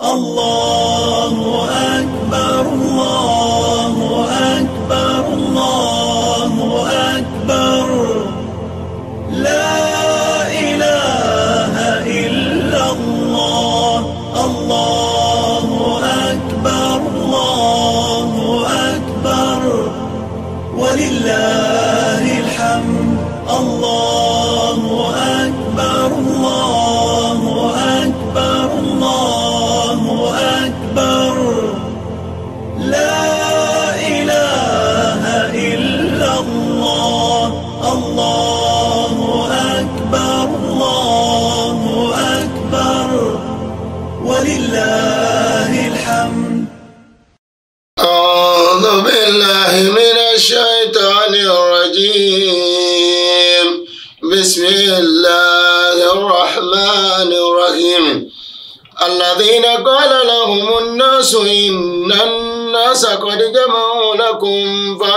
الله أكبر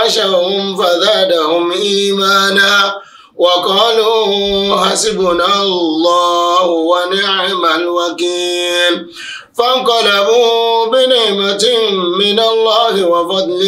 فبشرهم فزادهم إيمانا وقالوا حسبنا الله ونعم الوكيل فانقلبوا بنعمة من الله وفضل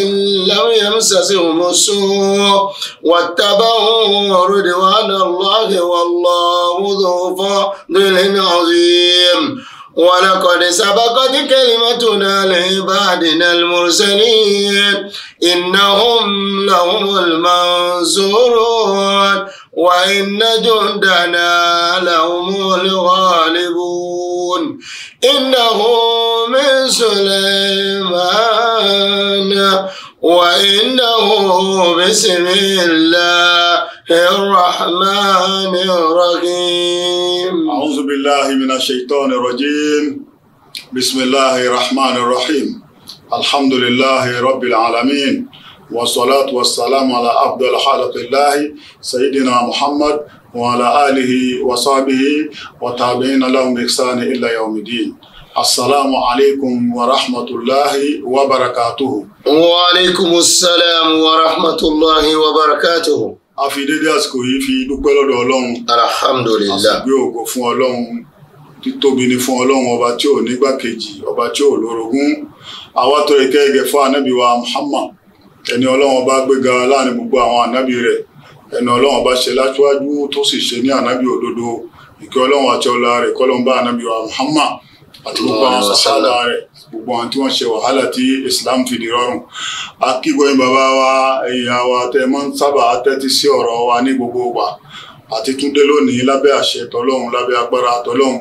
لم يمسسهم السوء واتبعوا رضوان الله والله ذو فضل عظيم ولقد سبقت كلمتنا لعبادنا المرسلين إنهم لهم المنصورون وإن جندنا لهم الغالبون إنه من سليمان وإنه بسم الله الرحمن الرحيم أعوذ بالله من الشيطان الرجيم بسم الله الرحمن الرحيم الحمد لله رب العالمين والصلاة والسلام على عبد خلق الله سيدنا محمد وعلى آله وصحبه وتابعين لهم بإحسان إلى يوم الدين السلام عليكم ورحمة الله وبركاته وعليكم السلام ورحمة الله وبركاته a fi dédé àsìkò yìí fi dúpẹ́ lọ́dọ̀ ọlọ́run alhamdulillah a sì gbé ògo fún ọlọ́run títóbi ni fún ọlọ́run ọba tí ò nígbàkejì ọba tí ò lórogún àwa tó ìkẹ́ ẹ̀gẹ̀ fún anábì wa muhammad ẹni ọlọ́run ọba gbéga láàrin gbogbo àwọn anábì rẹ̀ ẹni ọlọ́run ọba ṣe láṣíwájú tó sì ṣe ní anábì òdodo ìkẹ́ ọlọ́run àti ọlá rẹ̀ kọ́lọ́mbà anábì wa muhammad àti gbogbo àwọn sàṣàlá rẹ̀ gbogbo àwọn tí wọ́n ṣe wàhálà tí Islam fi di rọrùn akígbóyin bàbá wa ìyá wa tẹ mọ́ sábà tẹ́tí sí ọ̀rọ̀ wa ní gbogbo wa àti túndé lónìí lábẹ́ àṣẹ tọlọ́hun lábẹ́ agbára tọlọ́hun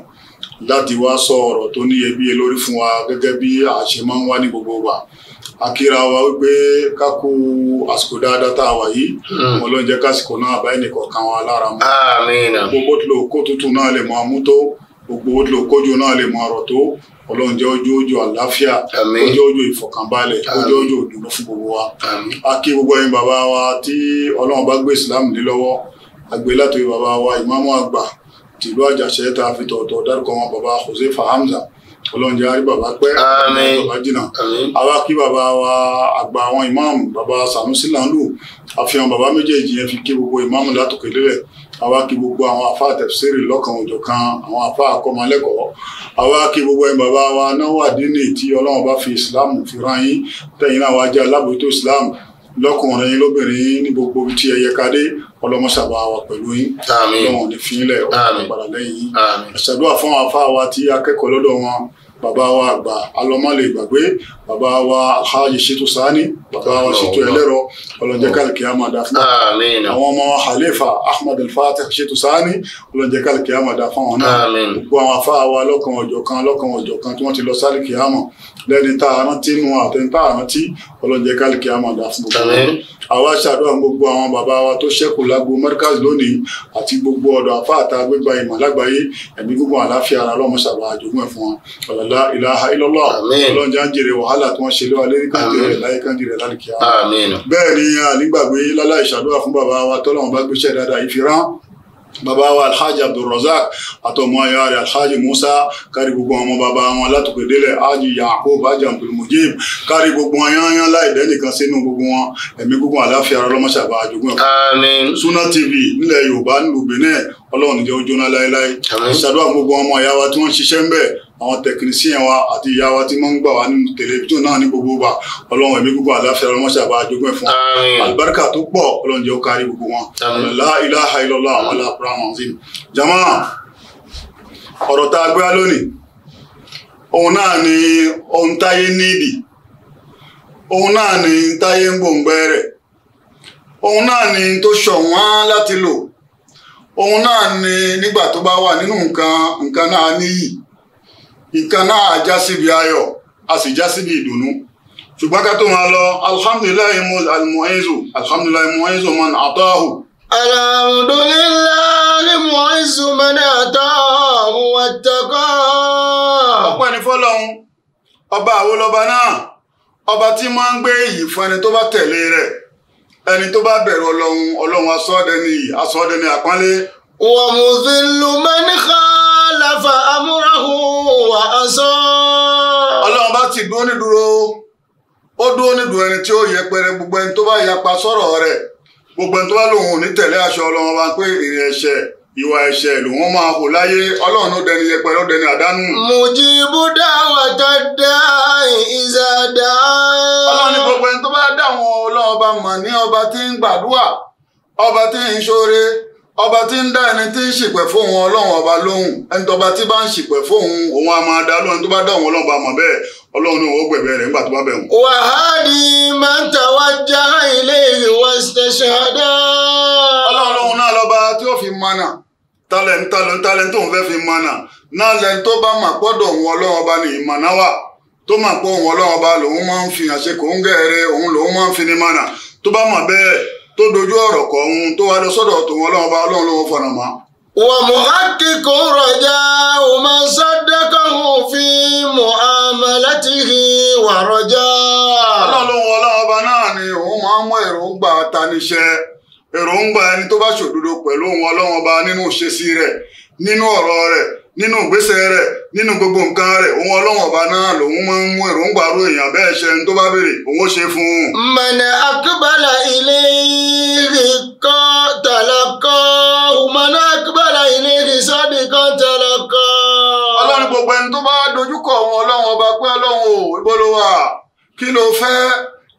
láti wá sọ ọ̀rọ̀ tó níyebíye lórí fún wa gẹ́gẹ́ bí àṣẹ máa ń wá ní gbogbo wa akíra wa wípé ká kú àsìkò dáadáa tá a wà yìí wọn ló ń kásìkò náà báyìí nìkan kan wa lára mu gbogbo tí lò kó tuntun náà lè mọ amútó gbogbo tí lò kójú náà lè mọ ọ̀rọ̀ tó ọlọ́run jẹ́ ojú ojú àlàáfíà ojú ojú ìfọ̀kànbalẹ̀ ojú ojú òdùnnú fún gbogbo wa a kí gbogbo ẹ̀yin bàbá wa tí ọlọ́run bá gbé islam lé lọ́wọ́ àgbẹ̀ látòrí bàbá wa ìmáàmù àgbà tìlú àjàṣẹ́ tá a fi tọ̀ọ̀tọ̀ dárúkọ wọn bàbá Josefa Hamza ọlọ́run jẹ́ àrí bàbá pẹ́ bàbá jìnnà àwa kí bàbá wa àgbà àwọn ìmáàmù bàbá Sanusi Lando àfihàn bàbá méjèèjì yẹn fi kí gbogbo ìmáàmù látòkè lélẹ̀ àwa kí gbogbo àwọn afá tẹ̀síìrì lọ́kàn òjọ̀kan àwọn afá akọ́mọlẹ́kọ̀ọ́ àwa kí gbogbo ẹ̀ bàbá wa náwó àdínì tí ọlọ́run bá fi islam fi rán yín tẹ̀yìn náà wá jẹ́ alábòójútó islam lọ́kùnrin lóbìnrin ní gbogbo tí ẹ yẹ ká dé ọlọmọṣàbà wa pẹ̀lú yín lọ́wọ́n ní fínlẹ̀ ọ̀pọ̀lọpọ̀ lẹ́yìn yín ṣàdúrà fún àwọn afá wa tí akẹ́kọ̀ọ́ lọ́dọ̀ wọn bàbá wa àgbà alọ́mọ́lẹ̀ ìgbàgbé bàbá wa alhaji shitu sani tọ́wọ́ wọn ṣètò ẹlẹ́rọ ọlọ́njẹ́ kálíkì á máa dà fún wọn àwọn ọmọ Khalifa Ahmad al-Fatih ṣètò sáání ọlọ́njẹ́ kálíkì á máa dà fún wọn náà gbogbo àwọn afáà wa lọ́kàn ọ̀jọ̀kan lọ́kàn ọ̀jọ̀kan tí wọ́n ti lọ sálíkì á mọ̀ lẹ́ni tá a rántí nu àtẹni tá a rántí ọlọ́njẹ́ kálíkì á máa dà fún gbogbo wọn àwa ṣàdúrà gbogbo àwọn bàbá wa tó ṣẹ́kù lágbo Markaz lónìí àti gbogbo ọ̀dọ̀ àfáàtà gbégbá ìmọ̀ lágbàáyé ẹ̀mí gbogbo àláfíà ara lọ́mọ ṣàbà àjogún ẹ̀ ọ̀làlá ìlàhà ìlọ́lọ́ ọlọ́njẹ́ ń jèrè wàhálà tí wọ́n ṣe lé wa lérí kàńtì láyé kàńtì rẹ̀ lálùkìá. bẹ́ẹ̀ ni nígbàgbé láláì ṣàdúrà fún bàbá wa tọ́lọ́run bá gbéṣẹ́ dáadáa yìí fi rán bàbá wa alhaji abdulrozak àtọmọ ayọ rẹ̀ alhaji musa kárí gbogbo ọmọ bàbá wọn látòkè délẹ̀ aji yaakub aji abdulmujib kárí gbogbo ayanyan láì dẹ́nìkan sínú gbogbo wọn ẹ̀mí gbogbo àláfíà ọlọ́mọṣàbà àjogún ẹ̀kọ́ Sunna TV nílẹ̀ yorùbá nílùú benin ọlọ́run níjẹ́ ojú náà láéláé ṣàdúrà gbogbo àwọn tẹkinisíyàn wa àti ìyá wa tí wọ́n ń gbà wá nínú tẹlifíṣàn náà ní gbogbo wa ọlọ́run ẹ̀mí gbogbo àdáfẹ́ ọlọ́mọṣẹ́ àbá àjogún ẹ̀ fún alibarika tó pọ̀ ọlọ́run jẹ́ ó kárí gbogbo wọn la ilaha illallah àwọn aláàbúrò àwọn ọ̀sìn jama ọ̀rọ̀ tá a gbé wá lónìí òun náà ni ohun táyé nídìí òun náà ni táyé ń gbòǹgbẹ́ rẹ̀ òun náà ni tó ṣọ̀wọ́n láti lò òun náà ni nígbà tó bá wà nínú nǹkan nǹkan náà níyì nǹkan náà á já síbi ayọ̀ a sì já síbi ìdùnnú ṣùgbọ́n ká tó máa lọ alhamdulilayi mu almuhizu alhamdulilayi muhizu man ataahu. alhamdulilayi muhizu man ataahu wattaqa. ọpẹ́ ni fọlọ́hún ọba àwọn náà ọba tí máa ń gbé èyí fún ẹni tó bá tẹ̀lé rẹ̀ ẹni tó bá bẹ̀rù ọlọ́run ọlọ́run asọ́ọ́dẹ́ni asọ́ọ́dẹ́ni àpọ́nlé. wọ́n mú sí lu mẹ́nìkan. akhlafa amúrahu wa asọ́. ọlọ́run bá ti dúró nídúró ó dúró nídúró ẹni tí ó yẹpẹrẹ gbogbo ẹni tó bá yapa sọ̀rọ̀ rẹ̀ gbogbo ẹni tó bá lòun ò ní tẹ̀lé aṣọ ọlọ́run bá pé ìrìn ẹ̀ṣẹ̀ ìwà ẹ̀ṣẹ̀ lòun máa hù láyé ọlọ́run ó dẹni yẹpẹrẹ ó dẹni àdánù. mùjìbù dáwà tá dá ìzà dá. ọlọ́run ní gbogbo ẹni tó bá dáwọn ọlọ́run ọba mọ̀ ní ọba tí ọba tí ń ọba tí ń dá ẹni tí ń ṣìpẹ̀ fóun ọlọ́run ọba lóhùn ẹni tọba tí bá ń ṣìpẹ̀ fóun òun a máa dá lóhùn tó bá dá òun ọlọ́run bá mọ̀ bẹ́ẹ̀ ọlọ́run náà ó gbẹ̀bẹ̀ rẹ̀ nígbà tó bá bẹ̀ wàhálì máa ń ta wá já ilé ìwọ ṣẹṣẹdá. ọlọ́run náà lọ́ba tí ó fi mana talent talent talent tóun fẹ́ fi mana náà lẹ́ni tó bá mà gbọ́dọ̀ òun ọlọ́run ọba ní ìmọ̀nà wà tó mà pọ̀ òun ọlọ́run ọba lòun máa ń fi àṣekò ń gẹ̀ẹ́rẹ́ òun lòun máa ń fi ní mana tó bá mọ̀ bẹ́ẹ̀ tó dojú ọ̀rọ̀ kọ ohun tó wá lọ sọ́dọ̀ tòun ọlọ́run ọba ọlọ́run ló wọ́n fọ̀nà mọ́. wà muhakkiku rọjà o máa saddaqahu fi mu'amalatihi wà rọjà. ọlọ́run ọlọ́run ọba náà ni òun máa ń mú èròǹgbà taniṣẹ́ èròǹgbà ẹni tó bá ṣòdodo pẹ̀lú òun ọlọ́run ọba nínú ìṣesí rẹ̀ nínú ọ̀rọ̀ rẹ̀ nínú ìgbésẹ̀ rẹ̀ nínú gbogbo nǹkan rẹ̀ òun ọlọ́wọ̀n ọba náà lòun máa ń mú èròǹgbà ro èèyàn bẹ́ẹ̀ ṣe ń tó bá béèrè òun ó ṣe fún un. mọ̀nà àkúbàlà ilé ìrì kọ́ tàlọ́kọ́ mọ̀nà àkúbàlà ilé ìrì sọ́ọ̀dì kọ́ tàlọ́kọ́. ọlọ́run gbogbo ẹni tó bá dojúkọ òun ọlọ́run ọba pé ọlọ́run ò ibo ló wà kí ló fẹ́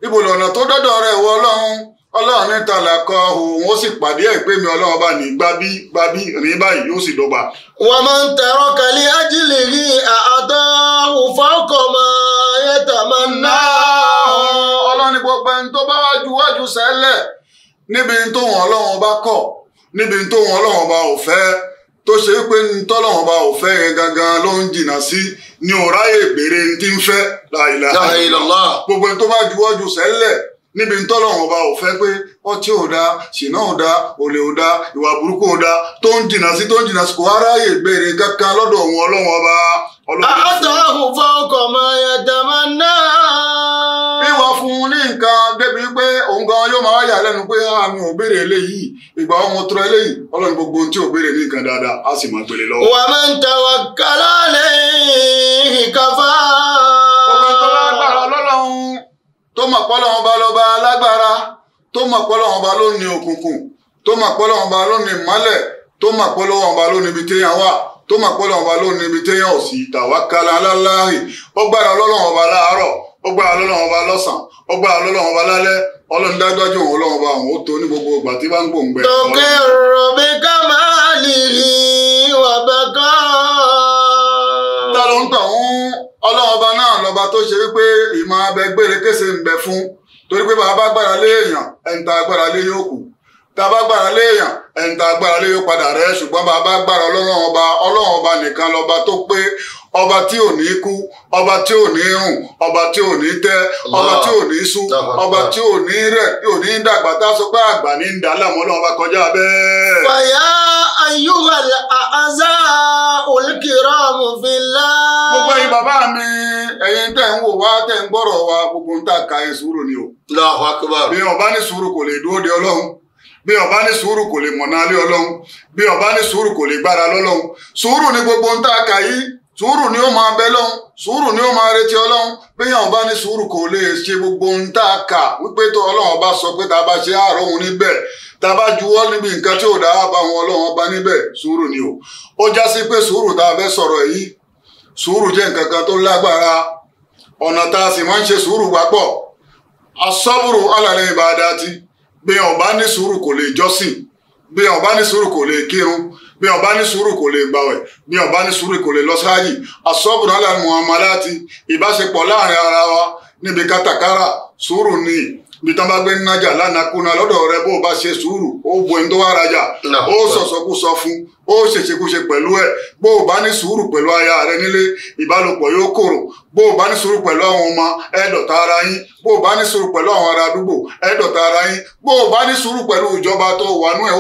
ibo lọ́nà tó dọ́dọ̀ rẹ̀ wọ ọlọ́run ọlọ́run ní kọ òun ó sì pàdé ẹ̀ mi ọlọ́run bá ní gbábí gbábí báyìí yóò sì dọ́gba. wọ́n máa ń tẹ̀rọ kàlí rí àádọ́ òfàkọ̀mọ́ ẹ̀tà máa ń ná. ọlọ́run ní gbogbo tó bá wájú sẹ́lẹ̀ níbi tó wọn ọlọ́run bá kọ̀ níbi tó wọn bá ò tó ṣe pé bá níbi tọ́lọ́run ọba ò fẹ́ pé ọtí ò dáa ṣìnà ò olè ò ìwà burúkú ò dáa tó ń jìnnà sí tó ń jìnnà sí kò aráyè gbére kankan lọ́dọ̀ òun ọlọ́run ọba. àtàwọn fọkàn máa yẹ dàmà náà. ìwà fún un ní nǹkan débi pé òun gan yóò máa yà lẹ́nu pé àmì ah, ò béèrè eléyìí ìgbà eléyìí ọlọ́run gbogbo ohun tí ò béèrè ní nǹkan dáadáa á sì tó mọ̀ pé Ọlọ́run ọba lọ́ba alágbára tó mọ̀ pé Ọlọ́run ọba ló ní òkùnkùn tó mọ̀ pé Ọlọ́run ọba ló ní ìmọ́lẹ̀ tó mọ̀ ọba ibi téèyàn wà tó mọ̀ pé Ọlọ́run ọba ibi téèyàn ò ọba láàárọ̀ ọgbara gbára ọba lọ́sàn lálẹ́ ọba tó ṣe wípé ìmọ̀ abẹgbére kése ń bẹ fún torí pé bàbá gbára lé èèyàn ẹni tá a gbára lé yóò tàbá gbára léèyàn ẹni tá a gbára lé yóò padà rẹ ṣùgbọ́n bàbá gbára ọlọ́run ọba ọlọ́run ọba nìkan lọ́ba tó pé ọba tí ò ní kú ọba tí ò ní rùn ọba tí ò ní tẹ́ ọba tí ò ní sú ọba tí ò ní rẹ̀ tí ò ní dàgbà tá sọ pé àgbà ní dà ọlọ́run ọba kọjá bẹ́ẹ̀. fàyà ayúwà àzá olùkìrọ̀ mọ̀fìlá. gbogbo bàbá mi ń wò bí ọba ní sùúrù kò lè mọ̀nà alẹ́ ọlọ́run bí ọba ní sùúrù kò lè gbára lọ́lọ́run sùúrù ni gbogbo ń tá a kà yìí sùúrù ni ó máa bẹ lọ́hún sùúrù ni ó máa retí ọlọ́run béèyàn bá ní sùúrù kò lè ṣe gbogbo ń tá a kà wípé tó ọlọ́run ọba sọ pé tá a bá ṣe àárọ̀ òun níbẹ̀ tá a bá juwọ́ níbi nǹkan tí ò dáa bá wọn ọlọ́run ọba níbẹ̀ sùúrù ni o ó já sí pé sùúrù tá a fẹ́ sọ̀rọ̀ yìí sùúrù jẹ́ nǹkan kan tó lágbára ọ̀nà gbìyàn bá ní sùúrù kò lè jọ́sìn gbìyàn bá ní sùúrù kò lè kírun gbìyàn bá ní sùúrù kò lè gbàwẹ̀ gbìyàn bá ní sùúrù kò lè lọ sáàyè àsọ́bùnà làwọn ọmọ ìbáṣepọ̀ láàrin ara wa níbi kátàkárà sùúrù ni bí tán bá gbé nájà lánàá kúnná lọ́dọ̀ rẹ bó bá ṣe sùúrù ó bu ẹni tó wá rajà ó sọ̀sọ̀kúsọ fún ó ṣèṣekúṣe pẹ̀lú ẹ̀ bó o bá ní sùúrù pẹ̀lú aya rẹ nílé ìbálòpọ̀ yóò kòrò bó o bá ní sùúrù pẹ̀lú àwọn ọmọ ẹ̀ẹ́dọ̀ta ara yín bó bá ní sùúrù pẹ̀lú àwọn ará àdúgbò ẹ̀ẹ́dọ̀ta ara yín bó bá ní sùúrù pẹ̀lú ìjọba tó wà nú ẹ̀ ó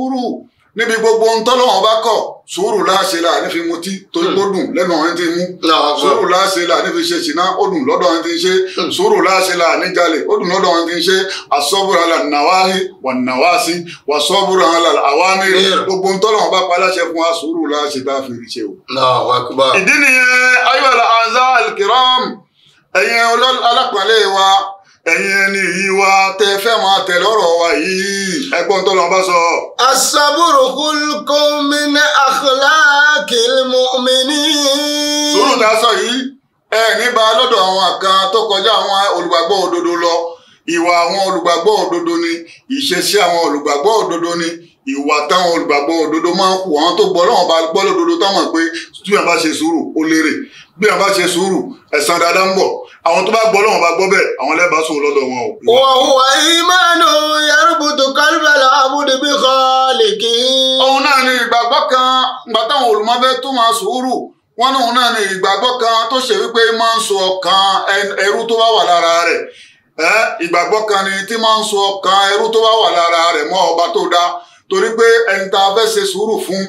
wọn. níbi gbogbo ohun tọ́lọ́wọ́n bá kọ̀ sùúrù láṣẹ là ní fi mutí tó hmm. dùn lẹ́nu ọ̀hún ti mú sùúrù láṣẹ là ní fi ṣe ṣìná ó dùn lọ́dọ̀ ọ̀hún ti ṣe hmm. sùúrù láṣẹ là ní jalè ó dùn lọ́dọ̀ ọ̀hún ti ṣe asọ́bùrù àlà nàwáhí wà nàwásí wà sọ́bùrù àlà àwámi gbogbo ohun tọ́lọ́wọ́n bá paláṣẹ fún wa sùúrù láṣẹ bá fi ṣe o. ìdí nìyẹn ayọ̀ ẹ̀yin ẹni yìí wá tẹ fẹ́ máa tẹ̀lé ọ̀rọ̀ wa yìí ẹgbọ́n tó lọ bá sọ. asaburu kulkun min akhlaqil mu'minin. sùúrù tá sọ yìí ẹ níbà lọ́dọ̀ àwọn kan tó kọjá àwọn olùgbàgbọ́ òdodo lọ ìwà àwọn olùgbàgbọ́ òdodo ni ìṣesí àwọn olùgbàgbọ́ òdodo ni ìwà táwọn olùgbàgbọ́ òdodo máa ń kù àwọn tó gbọ́ lọ́wọ́ bá gbọ́ lódodo táwọn mọ̀ pé bí wọn bá ṣe sùúrù ó lérè bí wọn bá ṣe sùúrù ẹ̀san dáadáa ń bọ̀ àwọn tó bá gbọ́ lọ́wọ́n bá gbọ́ bẹ́ẹ̀ àwọn lẹ́bàá sòwò lọ́dọ̀ wọn o. wàhùwà ìmánu yarubutu kálíbàlà amúdébí kọ́ọ̀lìkì. òun náà ni ìgbàgbọ́ kan ìgbà táwọn olùmọ́fẹ́ tó máa sùúrù wọn náà náà ni ìgbàgbọ́ kan tó ṣe wípé máa ń so ọkàn ẹrú tó bá wà lára rẹ̀ ìgbàgbọ́ kan ni tí máa ń so ọkàn ẹrú tó bá wà lára rẹ̀ mọ́ ọba tó dáa torí pé ẹni tá a fẹ́ ṣe sùúrù fún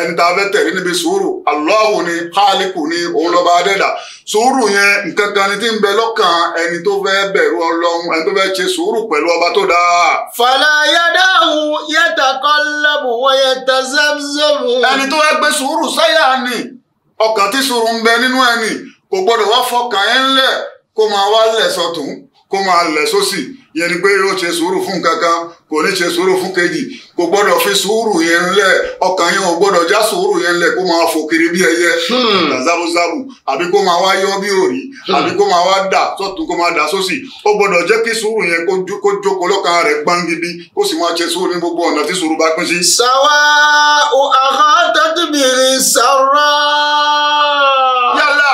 ẹni tá a fẹ́ tẹ̀lé níbi sùúrù Allahu ni Khaliqu ni òun lọ́ba adẹ́dà sùúrù yẹn nǹkan kan ni tí ń bẹ lọ́kàn ẹni tó fẹ́ bẹ̀rù ọlọ́run ẹni tó fẹ́ ṣe sùúrù pẹ̀lú ọba tó dáa. fàlà yadahu yataqallabu wa yatazamzamu. ẹni tó fẹ́ gbé sùúrù sáyà ni ọkàn tí sùúrù ń bẹ nínú ẹni kò gbọdọ̀ wá fọkàn ẹ̀ ńlẹ̀ kó máa wá lẹ̀ sọ́tún kó máa lẹ̀ sósì yẹn ni pé yóò ṣe sùúrù fún kankan kò ní ṣe sùúrù fún kejì kò gbọ́dọ̀ fi sùúrù yẹn ńlẹ̀ ọkàn yẹn ò gbọ́dọ̀ já sùúrù yẹn ńlẹ̀ kó máa fò kiri bí ẹyẹ hmm. zabuzabu àbí kó máa wá yọ bí òrì hmm. àbí kó máa wá dà sọ́tún kó máa dà sósì ó gbọ́dọ̀ jẹ́ kí sùúrù yẹn kó jókòó lọ́kàn rẹ̀ gbangidi kó sì máa ṣe sùúrù ní gbogbo ọ̀nà tí sùúrù bá pín sí. sàwa o àhá tẹ́tìbìrì sàrà. yálà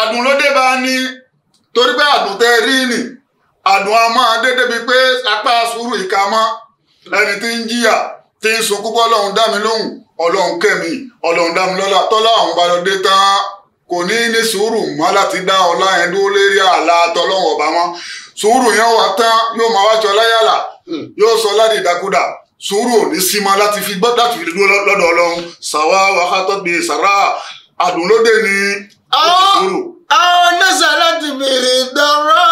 àdùn ló dé bá a ní torí pé àdùn tẹ àdùn a máa dé débi pé apá sùúrù ìka mọ́ ẹni tí ń jìyà tí ń sunkún bọ́ ọlọ́run dá mi lóhùn ọlọ́run kẹ́mi ọlọ́run dá mi lọ́lá tọ́lá àwọn bá lọ dé tán kò ní ní sùúrù mọ́ láti dá ọlá yẹn dúró lérí àlá tọ́lọ́run ọ̀bá mọ́ sùúrù yẹn wà tán yóò máa wájọ láyàlà yóò sọ láti ìdákúdà sùúrù ò ní sí mọ́ láti fi gbọ́ láti fi dúró lọ́dọ̀ ọlọ́run sàwa wàhátọ́ bíi sàrà àdùn lóde ni sùúrù. àwọn oníṣẹ́ láti bèrè dọ́rọ́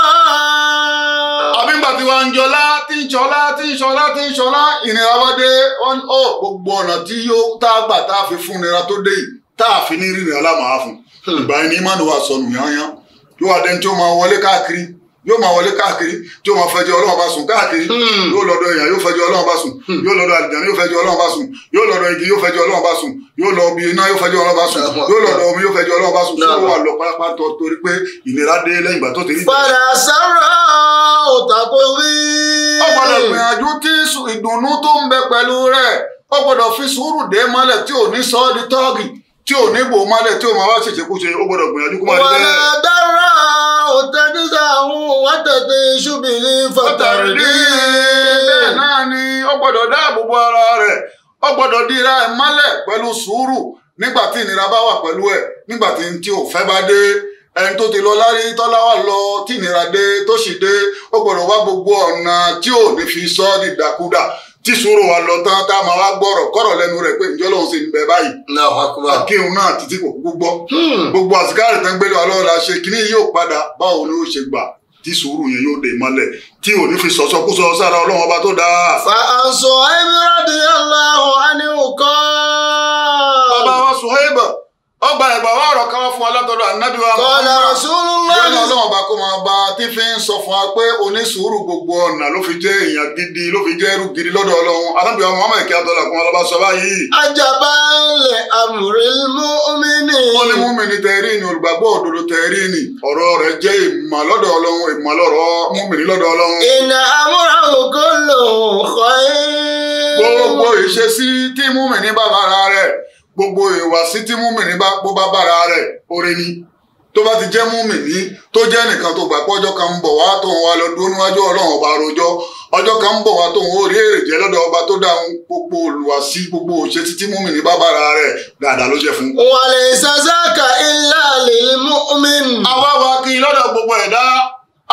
jọlá tí ń ṣọlá tí ń ṣọlá tí ń ṣọlá ìnira wá dé wọn ọ oh, gbogbo ọ̀nà tí yóò tá a gbà tá a fi fún nira tó dé yìí tá a fi ní rìnrìn alámàá fún hmm. ìgbà yẹn ní ìmánu wa sọnù yányán yóò wá dẹni tí ó máa wọlé káàkiri yóò máa wọlé káàkiri tí yóò máa fẹjọ́ Ọlọ́run bá sùn káàkiri hmm. yóò lọ́dọ̀ èèyàn yóò fẹjọ́ Ọlọ́run bá sùn hmm. yóò lọ́dọ̀ àlìjáná yóò fẹjọ́ Ọlọ́run bá sùn yóò lọ́dọ̀ igi yóò fẹjọ́ Ọlọ́run bá sùn yóò lọ ibi iná yóò fẹjọ́ Ọlọ́run bá sùn yóò lọ́dọ̀ omi yóò fẹjọ́ Ọlọ́run bá sùn tó wà lọ pátápátá torí pé ìnira dé lẹ́yìn ìgbà tó ti rí. padà تجزع وتتيش به فتردي bẹ́ẹ̀ náà ni ó gbọ́dọ̀ dáàbò bo ara rẹ̀ ó gbọ́dọ̀ dira ẹ̀ mọ́lẹ̀ pẹ̀lú sùúrù nígbà tí ìnira bá wà pẹ̀lú ẹ̀ nígbà tí n tí ò fẹ́ bá dé ẹni tó ti lọ lárí tọ́lá wà lọ tí ìnira dé tó sì dé ó gbọ́dọ̀ wá gbogbo ọ̀nà tí ò ní fi sọ dìdàkudà tí sùúrù wa lọ tán tá a máa wá gbọ́rọ̀ kọ́rọ̀ lẹ́nu rẹ̀ pé ìjọ́ lòun ṣe ń bẹ báyìí. akíhun náà títí kò kúkú gbọ́. Hmm. gbogbo àsìkárì tán gbélé wa lọ́wọ́ la ṣe kíní yóò padà báwo ni ó ṣe gbà tí sùúrù yẹn yóò dé mọ́lẹ̀ tí ò ní fi sọ̀sọ́ kú sọ sára ọlọ́run ọba tó dáa. fa àṣọ ẹ̀mí rẹ̀ dìyẹ́ lọ́wọ́ á ní òkọ́. bàbá wa sùn ọgbà ẹgbà wa ọ̀rọ̀ kan wá fún wa látọ̀dọ̀ ànábì wa. kọ́lá rasulullah. yóò ní ọlọ́run bá kó máa bá tí fi ń sọ fún wa pé onísùúrù gbogbo ọ̀nà ló fi jẹ́ èèyàn gidi ló fi jẹ́ ẹrú gidi lọ́dọ̀ ọlọ́run ànábì wa muhammed kí adọ́là kún ọlọ́ba sọ báyìí. ajabalẹ̀ amril mu'mini. wọ́n ní múmìnì tẹ̀rí ni ni ọ̀rọ̀ rẹ̀ jẹ́ ìmọ̀ lọ́dọ̀ ọlọ́run ìmọ̀ lọ́rọ̀ múmìnì lọ́dọ̀ ọlọ́run. ìnà amúráwò kò lò ó kọ́ ẹ́. gbogbo ìṣesí tí múmìnì bá gbogbo ìwàsí tí múmìnì bá pọ́ bá bára rẹ̀ orin ni tó bá ti jẹ́ múmìnì tó jẹ́ nìkan tó gbà pé ọjọ́ kan ń bọ̀ wá wá lọ dúró níwájú ọlọ́run ọba àròjọ ọjọ́ kan ń bọ̀ wá rí èrè jẹ́ lọ́dọ̀ ọba tó gbogbo gbogbo tí múmìnì bá rẹ̀ dáadáa ló jẹ́ fún. wàlẹ̀ wa gbogbo ẹ̀dá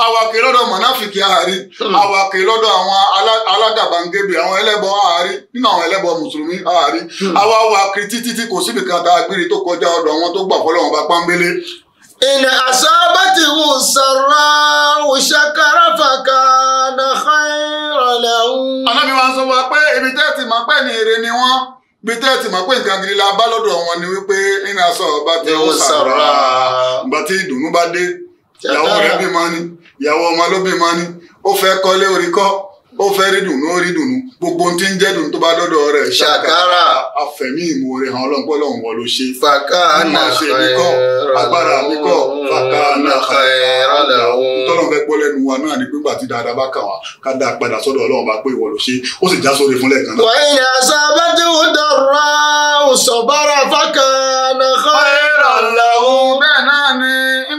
awàkè lọ́dọ̀ mọ̀náfìkì àárí awàkè lọ́dọ̀ àwọn aládàbàǹgẹ̀bẹ̀ àwọn ẹlẹ́bọ àárí nínú àwọn ẹlẹ́bọ mùsùlùmí àárí hmm. àwa títí tí kò síbi kan tá a gbére tó kọjá ọ̀dọ̀ wọn tó gbà fọlọ́wọn bá pọ́nbélé. ìnà àsábàtì wù sàrà òṣàkàrà fàkànà xayrọ̀lẹ̀ ọ̀hún. alábi wa sọ wa pé ibi tẹ́ ti mọ̀ pé ní èrè ni wọ́n bí tẹ́ ti mọ̀ pé nǹkan gidi la bá lọ́dọ̀ wọn ni wípé ìnà àsọ̀ bá ti wù sàrà gbàtí ìyàwó rẹ̀ bí máa ní ìyàwó ọmọ ló bí máa ní ó fẹ́ kọ́lé orí kọ́ ó fẹ́ rí dùnú ó rí dùnú gbogbo ohun tí ń jẹ́ dùnú tó bá dọ́dọ̀ rẹ̀ ṣàkàrà àfẹ̀mí ìmoore hàn ọlọ́pọ̀ lọ́hùn wọ́n ló ṣe. fàkà àná ẹ̀rọ agbára mi kọ́ fàkà àná ẹ̀rọ lẹ́hùn. tọ́lọ́ fẹ́ gbọ́ lẹ́nu wa náà ni pípa tí dáadáa bá kà wá ká dáa padà sọ́dọ̀ ọlọ́run bá pé ìwọ ló ṣe ó sì já sórí fúnlẹ̀ kan náà. wàyí àṣà abẹ́tí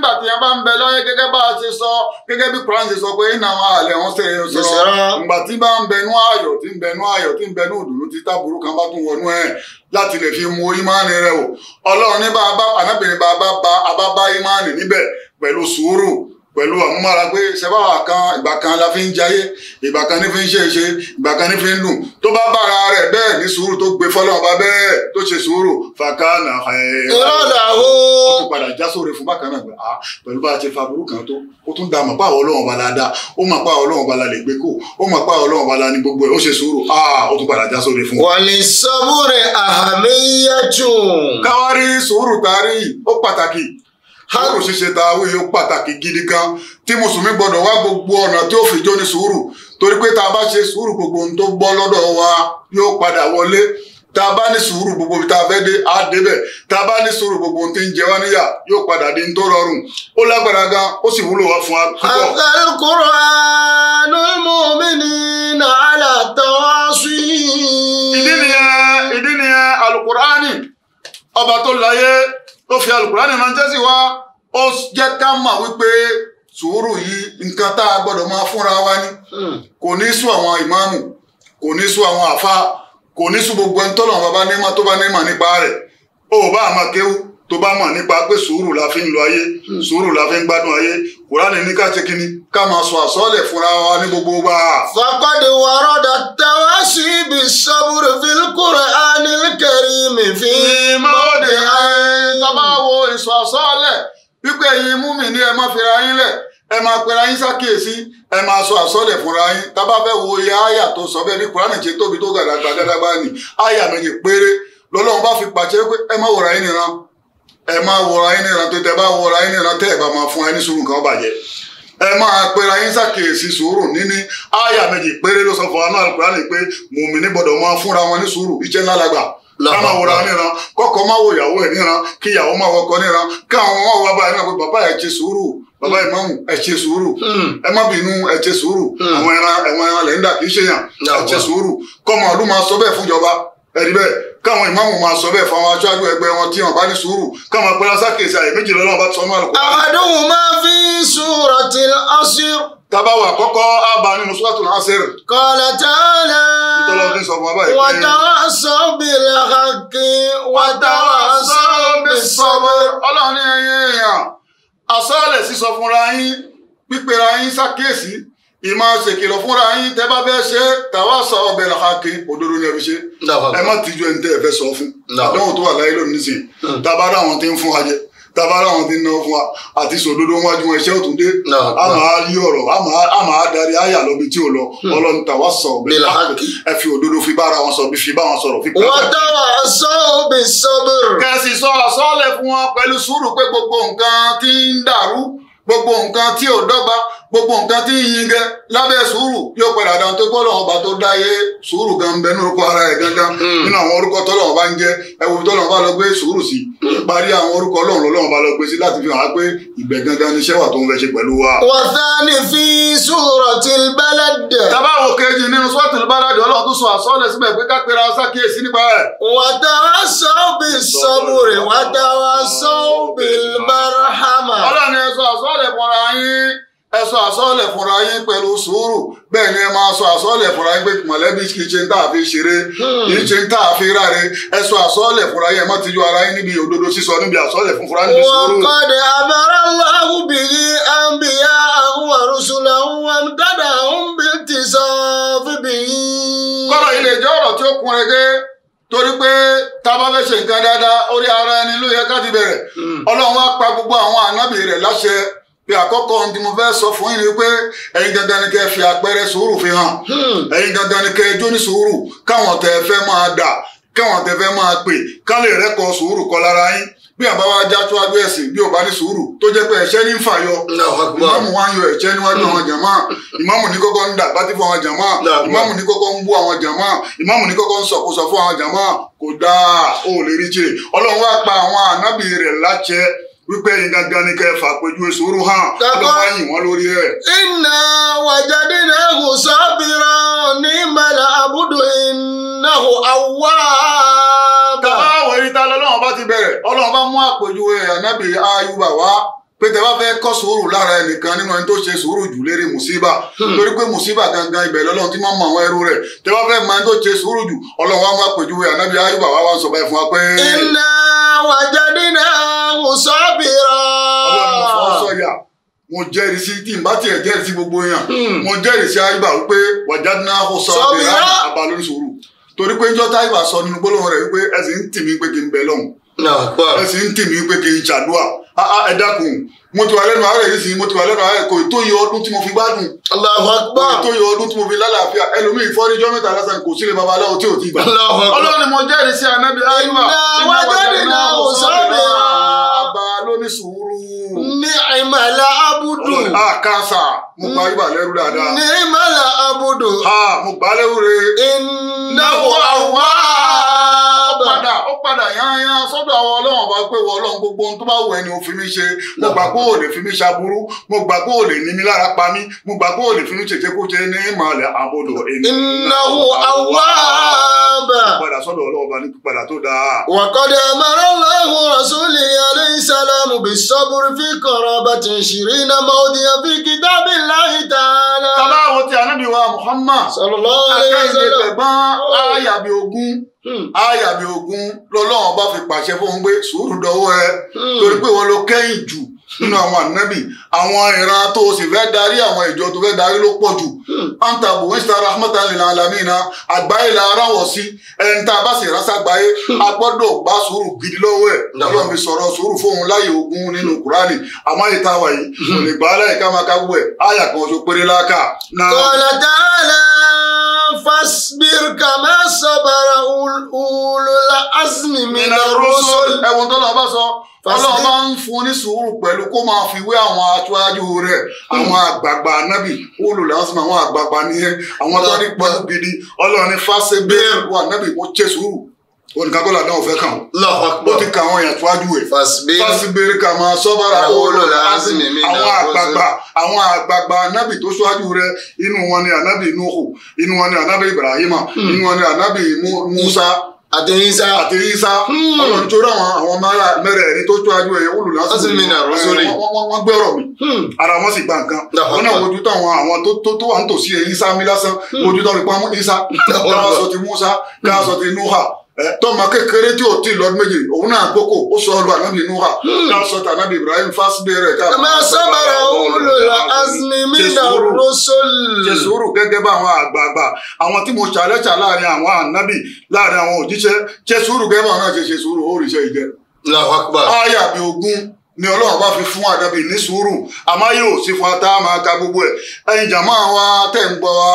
nígbà tí yẹn bá ń bẹ láyé gẹ́gẹ́ bá a ṣe sọ gẹ́gẹ́ bí Quran ṣe sọ pé iná àwọn àlẹ́ wọn ṣe é sọ ìgbà tí bá ń bẹnu ayọ̀ tí ń bẹnu ayọ̀ tí ń bẹnu òdùnnú tí táburú kan bá tún wọnú ẹ̀ láti lè fi mú ìmánì rẹ o ọlọ́run ní bá a bá anábìrin bá a bá a bá ìmánì níbẹ̀ pẹ̀lú sùúrù pẹ̀lú àmúmára pé ṣẹ́báwá kan ìgbà kan la fi ń jayé ìgbà kan ní fi ń ṣe ṣe ìgbà kan ní fi ń dùn tó bá bára rẹ̀ bẹ́ẹ̀ ní sùúrù tó gbé fọlọ́run bá bẹ́ẹ̀ tó ṣe sùúrù fàkànà ẹ̀ ìrọ̀dà ó. ó tún padà já sóore fún bákan náà gbà ah, pẹ̀lú bá a ti fa burú kan tó ó tún da mọ̀ ọlọ́run bala dá ó mọ̀ pa àwọn ọlọ́run lè gbé kó ó mọ̀ pa àwọn ọlọ́run ní gbogbo ẹ̀ ó ṣe sùúrù ah, ó tún padà já sóore fún. wọ́n lè sọ́bùrẹ̀ àhàmẹ́yẹ́jù. káwárí sùúrù tarí ó pàtàkì hárù ṣíṣe ta awúyọ pàtàkì gidi kan tí mùsùlùmí gbọ́dọ̀ wá gbogbo ọ̀nà tí ó fi jó sùúrù torí pé gbogbo ohun tó gbọ́ wa yóò padà wọlé tá bá gbogbo taa a fẹ́ dé á débẹ̀ gbogbo ohun tí ń jẹ wá níyà di ń tó rọrùn ó lágbára gan ó sì wúlò wá fún wa. ìdí nìyẹn ìdí nìyẹn ọba tó láyé tó fi alukurani ránṣẹ́ sí wa ó jẹ́ ká mọ̀ wípé sùúrù yìí nǹkan tá a gbọ́dọ̀ máa fúnra wa ni hmm. kò ní sú àwọn ìmáàmù kò ní sú àwọn àfa kò ní sú gbogbo ẹni tọ́lọ̀ bàbá ní ma tó bá ní ma nípa rẹ̀ ó bá àmọ́ kéwú tó bá mọ̀ nípa pé sùúrù la fi ń lo ayé hmm. sùúrù la fi ń gbádùn ayé kùránì ní ká ṣe kínní ká máa sọ àsọ́ọ̀lẹ̀ fúnra wa ní gbogbo wa. fàkọ́dé wa rọ́dà tẹ́wọ́ sí ibi sọ́bùrù fílkùrẹ́ ánìlkẹ́rìmì fi mọ́ọ̀dé ayé. tábà wo ìsọ àsọ́ọ̀lẹ̀ wípé ẹ̀yin mú mi ní ẹ má fira yín lẹ̀ ẹ máa pera yín ṣàkíyèsí ẹ máa sọ àsọ́ọ̀lẹ̀ fúnra yín tábà fẹ́ wo iye àyà tó sọ bẹ́ẹ̀ bí kùránì ṣe tóbi tó gàdàgbà gàdàgbà ni àyà méjì péré lọ́lọ́run bá fi pàṣẹ pé ẹ má wòrà yín nìran ẹ máa wọra yín níran tó tẹ bá wọra yín níran tẹ ẹ bá máa fún ẹ ní sùúrù kan bàjẹ́ ẹ máa pera yín ṣàkíyèsí sùúrù níní àyà méjì péré ló sọ fún anú àlùkùránì pé mùmíní gbọ́dọ̀ máa fúnra wọn ní sùúrù iṣẹ́ ńlá làgbà káwọn wòra níran kọ́kọ́ máa wo ìyàwó ẹ níran kí ìyàwó máa wọkọ níran káwọn náà pé bàbá ẹ sùúrù bàbá hmm. ìmáàmù ẹ sùúrù hmm. ẹ má bínú ẹ sùúrù hmm. àwọn ẹran ẹran lẹ́yìn dà ẹ sùúrù káwọn ìmáàmù máa sọ bẹ́ẹ̀ fáwọn aṣáájú ẹgbẹ́ wọn tí wọn bá ní sùúrù káwọn apẹ̀lẹ́ sákèsí àyè méjì lọ́nà bá sọ náà. àdúgbò máa fi suratil asr. tabawa kọ́kọ́ àbá nínú suratul asr. qala ta'ala. ìtọ́lọ́dún sọ fún wa báyìí. wa tawasaw bil haqqi wa tawasaw bis sabr. ọlọ́run ní èèyàn àsọ́ọ̀lẹ̀ ìmọ̀ ṣèkìlọ̀ fúnra yín tẹ́ bá fẹ́ ṣe tàwa sọ ọbẹ̀ làkàkì òdodo ni ẹ fi ṣe ẹ má tìjú ẹni tẹ́ ẹ fẹ́ sọ fún àdéhùn tó wà láyé lónìí nìsín hmm. tábàárà àwọn tí ń fún wa jẹ tábàárà àwọn tí ń ná fún wa àti sòdodo wájú wọn iṣẹ́ òtún dé a máa yí ọ̀rọ̀ a máa darí àyà lọ́bi tí ò lọ hmm. ọlọ́run tàwa sọ ọbẹ̀ làkàkì ẹ fi òdodo fi bára wọn sọ fi bá wọn sọ gbogbo nǹkan tí ò dọ́gba gbogbo nǹkan tí ń yin gẹ lábẹ́ sùúrù yóò padà dáhùn tó gbọ́ lọ́wọ́ ọba tó dáyé sùúrù gan bẹ nínú orúkọ ara ẹ̀ gangan hmm. nínú àwọn orúkọ tọ́lọ́wọ́ bá ń jẹ́ ẹ̀wù tọ́lọ́wọ́ bá lọ gbé sùúrù sí hmm. parí àwọn orúkọ ọlọ́run lọ́lọ́wọ́ bá lọ gbé sí láti fi hàn á pé ìgbẹ́ gangan ni sẹ́wà tó ń fẹ́ ṣe pẹ̀lú wa. wàtáni ọlọ́run tó sọ àsọ́ọ̀lẹ̀ síbẹ̀ mọ́ra yín. ẹ sọ àsọlẹ̀ fúnra yín pẹ̀lú sùúrù bẹ́ẹ̀ ni ẹ máa sọ àsọlẹ̀ fúnra yín pé mọ̀lẹ́bí kì í ṣe ń tà fi ṣeré kì í ṣe ń tà fi ráre ẹ sọ fúnra yín ti yọ ara yín níbi òdodo sísọ níbi àsọlẹ̀ fún fúnra níbi sùúrù. kọ́ni abẹ́rẹ́ àwọn àrùsùlẹ̀ wọn ń ó kún ara ẹni ló yẹ ká ti hmm. pa gbogbo àwọn ànábì pé àkọ́kọ́ ohun tí mo fẹ́ sọ fún yín ni pé ẹ̀yin dandan ni kẹ́ ẹ fi àpẹẹrẹ sùúrù fi hàn hmm. ẹ̀yin dandan ni kẹ́ ẹ jó ní sùúrù káwọn tẹ́ ẹ fẹ́ máa dà káwọn tẹ́ ẹ fẹ́ máa pè ká lè rẹ́kọ̀ sùúrù kọ́ lára yín bí àbáwá ajá tó agbé ẹ̀sìn bí ò bá ní sùúrù tó jẹ́ pé ẹ̀ṣẹ́ ní ń fàyọ ìmáàmù wa ń yọ ẹ̀ṣẹ́ níwájú àwọn hmm. jàmá ìmáàmù ní kọ́kọ́ ń dà bátí fún àwọn jàmá ìmáàmù ní kọ́kọ́ ń bú àwọn jàmá ìmáàmù ní kọ́kọ́ ń sọ̀kósọ fún àwọn jàmá kò dáa ó lè rí ọlọ́run wá pa àwọn ànábì rẹ̀ láṣẹ wípé ẹ̀yin gangan ni kẹ́ ẹ fàpéjú ìṣòro hàn ló bá lórí ẹ̀. iná wàjáde náà kò sábìrà ní mẹ́lẹ̀ àbúdò iná kò àwa. tàbá àwọn èyí tá lọ́lọ́run bá ti bẹ̀rẹ̀ ọlọ́run bá mú àpèjúwe ànábì ayúbà wá. pe tẹ bá fẹ́ kọ́ sùúrù lára ẹnìkan nínú ẹni tó ṣe sùúrù jù lérí mùsíbà hmm. torí pé mùsíbà gangan ibẹ̀ lọ́lọ́run tí ma mọ àwọn ẹrú rẹ̀ tẹ bá fẹ́ mọ ẹni tó ṣe sùúrù jù ọlọ́run wa máa pèjú ànábì ayúbà wa wá ń sọ fún wa pé. iná nínú ọlọ́run fọ́ mo tí n bá tiẹ̀ jẹ́rìí sí gbogbo yàn hmm. mo jẹ́rìí ayúbà wípé nínú torí pé sọ nínú Ah, ah, ẹ dákun mo ti wà lẹ́nu àárẹ̀ yìí sí mo ti wà lẹ́nu àárẹ̀ kò tó yẹ ọdún tí mo fi gbádùn. Allahu Akbar kò tó yẹ ọdún tí mo fi lálàáfíà ẹlòmíì fọ́nríjọ́ mẹ́ta lásán kò sílẹ̀ babaláwo tí ò ti gbà. ọlọ́run mo jẹ́rìí sí anábì ayúwa ìnáwó jẹ́rìí náà ò sọ́ọ̀bì àbá lóní sùúrù. ní ìmàlà abudu. a kàṣà mo gba ibà lẹ́rú dáadáa. ní ìmàlà abudu. ha mo gbà lẹ́rú re. ìnáwó àwọn padà ó padà yányán sọ́dọ̀ àwọn ọlọ́run ọba pé wọ ọlọ́run gbogbo ohun tó bá wù ẹ́ ni ó fi ṣe mo gbà pé ò lè fi mí ṣaburú mo gbà pé ò lè ní mi lára pa mí mo gbà pé ò lè fi mí ṣèṣe kó ṣe ní ìmọ̀lẹ̀ àbọ̀dọ̀ èmi. ìnáwó awáàbà. padà sọ́dọ̀ ọlọ́run ọba ní padà tó dáa. wàkọ́dẹ amárànláhùn rasúlì alẹ́ ìsàlámù bí sọ́bùrù fi kọ̀rọ̀ bàtì ṣìrìnà mọ́ọ́dìyàn fi kìtàbí láì tààlà. tàbá àyà hmm. mi ogun lọ́lọ́run bá fi pàṣẹ fún un pé sùúrù dọ́wọ́ ẹ hmm. torí pé wọn ló kẹ́yìn jù nínú àwọn ànábì àwọn ìran tó o sì fẹ́ darí àwọn ìjọ tó fẹ́ darí ló pọ̀ jù panta hmm. buwista rahmatan lil alamina àgbáyé la ara wọ̀ sí ẹni tá a bá sì rásá gbáyé hmm. a gbọ́dọ̀ bá sùúrù gidi lọ́wọ́ ẹ̀ lọ́wọ́ mi sọ̀rọ̀ sùúrù fóun láyé ogun nínú kúránì àmọ́ ìta wà yìí hmm. kò lè máa ká gbọ́ ẹ̀ áyà kan oṣù péré láàkà. kọ́lá fasbir kàmá sabara ulul azmi minar rusul. ẹ̀wọ̀n tó lọ bá sọ ọlọ́run máa ń fún ní sùúrù pẹ̀lú kó máa fi wé àwọn aṣáájú rẹ̀ àwọn àgbààgbà anábì olùlàásùn àwọn àgbààgbà nìyẹn àwọn tó ní pẹ̀lú gidi ọlọ́run ní fásẹ bẹ́ẹ̀ wà anábì mo ṣe sùúrù olùkàkọ́lá náà fẹ́ kàn ó ti kà àwọn èèyàn síwájú ẹ̀ fásibẹ́rẹ́ kà máa sọ́bàrà olùlàásùn àwọn àgbààgbà àwọn àgbààgbà anábì tó ṣáájú rẹ̀ inú wọn ni anábì Nuhu inú wọn ni anábì Ibrahima hmm. inú wọn ni anábì Musa àtẹ̀yìnsá àtẹ̀yìnsá hmm. ọlọ́run tó rà wọn àwọn mara mẹ́rẹ̀ẹ̀rin tó tó ajú ẹ̀yẹ wúlò lásìkò mi wọ́n gbẹ́rọ̀ mi ara wọn sì gba nǹkan wọn náà wojú táwọn àwọn tó tó wà ń tòsí ẹ̀yìnsá mi lásán hmm. wojú táwọn ìpamọ́ ìsá káàsọ̀ ti Musa káàsọ̀ ti Nuha tọ́mọ kékeré tí o ti lọ́dún méjì òun náà gbóko ó sọ ọlọ́ ànábì inú wa ká sọ tà ànábì Ibrahim fásibẹ́rẹ̀ ká. àmọ́ sábàrà òun ló lọ azimina rosoli. jesuru gẹ́gẹ́ bá àwọn àgbààgbà àwọn tí mo ṣàlẹ́ṣà láàrin àwọn ànábì láàrin àwọn òjíṣẹ́ jésùrù gẹ́gẹ́ bá àwọn náà ṣe ó rí iṣẹ́ ìjẹ. àyà mi ogún ni ọlọ́run bá fi fún ànábì ní sùúrù àmọ́ yóò sì fún ata máa ka gbogbo ẹ̀ ẹ̀yin jàmáà wa tẹ̀ ń gbọ́ wa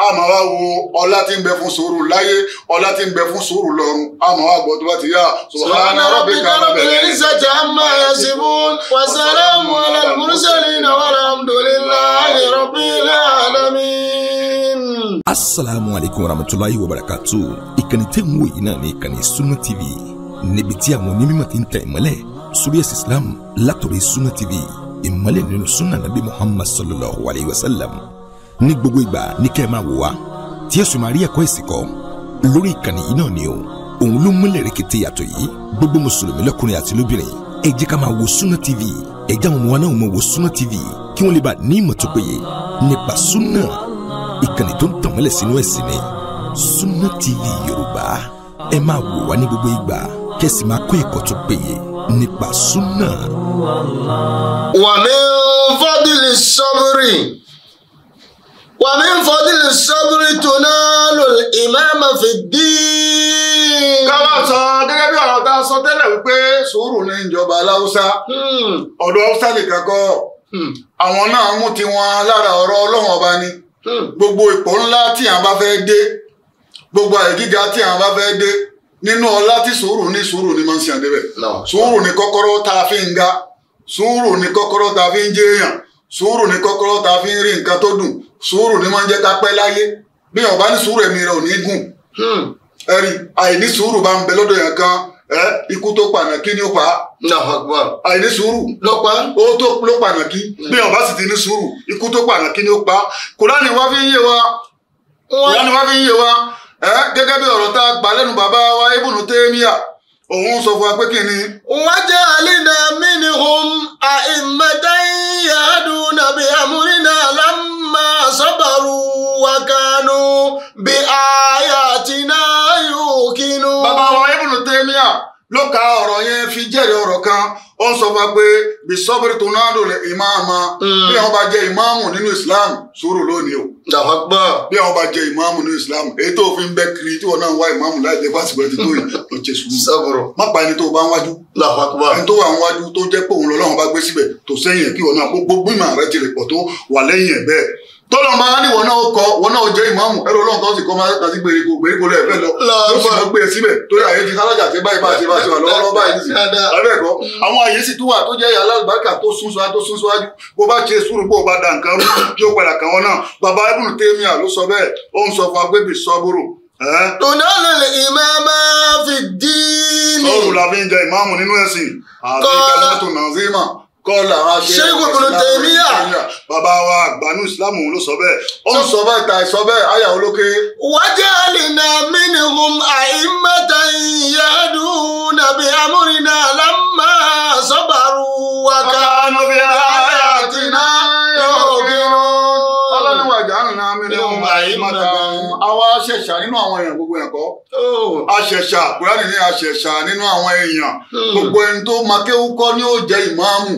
a máa wá wo ọlá tí ń bẹ fún sùúrù láyé ọlá tí ń bẹ fún sùúrù lọ́run a máa wá bá ti yá. subhana rabbika rabbil izzati amma yasifun wa salamun alal mursalin walhamdulillahi rabbil alamin. asalaamu alaykum warahmatulahi wabarakatu ìkànnì tẹ́ ń wò yìí náà ní ìkànnì Sunna TV níbi tí àwọn onímọ̀ ti ń tẹ̀ ìmọ́lẹ̀ suriyas islam látọ̀rẹ́ Sunna TV ìmọ́lẹ̀ nínú sunna nabi muhammad sallallahu alayhi wa ní gbogbo ìgbà ní kẹ́ ẹ máa wò wá tí ẹ sì máa rí ẹ̀kọ́ ìsìnkọ́ lórí ìkànnì yìí náà ni o òun ló múlẹ̀ rẹ̀kẹ̀tẹ̀ yàtọ̀ yìí gbogbo mùsùlùmí lọ́kùnrin àti lóbìnrin ẹ jẹ́ ká máa wo Sunna TV ẹ jẹ́ àwọn ọmọ náà mọ̀ wo Sunna TV kí wọ́n lè bá ní ìmọ̀ tó péye nípa Sunna ìkànnì tó ń tàn mọ́lẹ̀ sínú ẹ̀sìn ni Sunna TV Yorùbá ẹ máa wò wá ní gbogbo ìgbà kẹ́sì máa kó ẹ̀kọ́ tó péye nípa Sunna. wàmí fọ́dílì sọ́mùrì. ومن فضل الصبر تنال الإمام في الدين. káwá sọ gẹ́gẹ́ bí ọ̀rọ̀ tá a sọ tẹ́lẹ̀ wípé sùúrù ní ìjọba aláwùsá hmm. ọ̀dọ̀ haúsá nìkan kọ́ hmm. àwọn náà mú ni hmm. gbogbo ipò ńlá tí àwọn bá fẹ́ dé gbogbo àyè gíga tí àwọn bá fẹ́ dé nínú ọlá tí sùúrù ní sùúrù ní máa ń ṣe àdébẹ̀ sùúrù ni kọ́kọ́rọ́ tá a fi ń ga sùúrù ní kọ́kọ́rọ́ tá a fi ń jẹ́ èèyàn sùúrù ni kọ́kọ́rọ́ ta fi ń rí nǹkan tó dùn sùúrù ni máa ń jẹ́ ká pẹ́ láyé bí ọba ní sùúrù ẹ̀mí rẹ̀ ò ní gùn hmm. ẹ̀rí àìní sùúrù bá ń bẹ lọ́dọ̀ yẹn kan ẹ ikú tó pànà kí ni ó pa àìní sùúrù ló pa ó tó ló pànà kí hmm. bí ọba sì ti ní sùúrù ikú tó pànà kí ni ó pa kùránì wá fi ń yé wa kùránì wá fi ń yé wa gẹ́gẹ́ bí ọ̀rọ̀ tá gbà lẹ́nu bàbá wa ibùnú tẹ́míà òun sọ fún wa pé wọ́n jẹ́ àlìna minhum àìmọ̀tẹ́ yàdùn nàbí amúrínà lámà sọ́bàrù wákàánú bí àyàtìná yóò kínú. bàbá wa Ibn Taymiyyah ló ka ọ̀rọ̀ yẹn fi jẹ́rìí ọ̀rọ̀ kan ó ń sọ fún wa pé bisọ́bìrì tó náà lò lẹ̀ ìmáàmà bí wọ́n bá jẹ́ ìmáàmù nínú Islam sùúrù lónìí o. dàgbà gbọ́. bí wọ́n bá jẹ́ ìmáàmù nínú Islam èyí tó fi ń bẹ́ kiri tí wọ́n náà ń wá ìmáàmù láì jẹ́ pásítọ̀ ti tó yìí ó jẹ́ sùúrù. sábọ̀rọ̀. má pa ẹni tó o bá ń wájú. dàgbà gbọ́. ẹni tó wà ń wájú tó jẹ́ pé òun lọ́lọ́run bá gbé síbẹ̀ tó sẹ́yìn kí wọ́n náà gbogbo ìmọ̀ rẹ̀ ti rẹ̀ pọ̀ tọ́lọ́ máa ní wọn náà kọ wọn náà jẹ́ ìmáàmù ẹ̀rọ ọlọ́run kan sì kọ́ máa kàtí gbèríko gbèríko lẹ́ẹ̀ fẹ́ lọ ló sì lọ gbé e síbẹ̀ torí àyè ti sálájà tí báyìí bá ti bá ti wà lọ́wọ́lọ́wọ́ báyìí nìsí àbẹ́ ẹ̀kọ́ àwọn àyè sì tún wà tó jẹ́ ìyá alábàákà tó sún síwájú tó sún síwájú bó bá ṣe sùúrù bó bá da nǹkan rú yóò padà kàn wọ́n náà bàbá ibùn kọ́lá àwọn aṣẹ́ ṣé gbogbo tèmíyà bàbá wa àgbànú ìsìlámù ló sọ bẹ́ẹ̀ ó ń sọ bẹ́ẹ̀ ta ìsọ bẹ́ẹ̀ àyà olókè. wájà àlìna mínìhùn àìmọ́ta ìyá dùn nàbí amúrinà lámà sọ́bàrù wákà. aṣẹ̀ṣà nínú àwọn èèyàn gbogbo ẹ̀kọ́ aṣẹ̀ṣà oh. kúránì ní aṣẹ̀ṣà nínú àwọn èèyàn hmm. gbogbo ẹni tó makéwú kọ́ ni ó jẹ́ ìmáàmù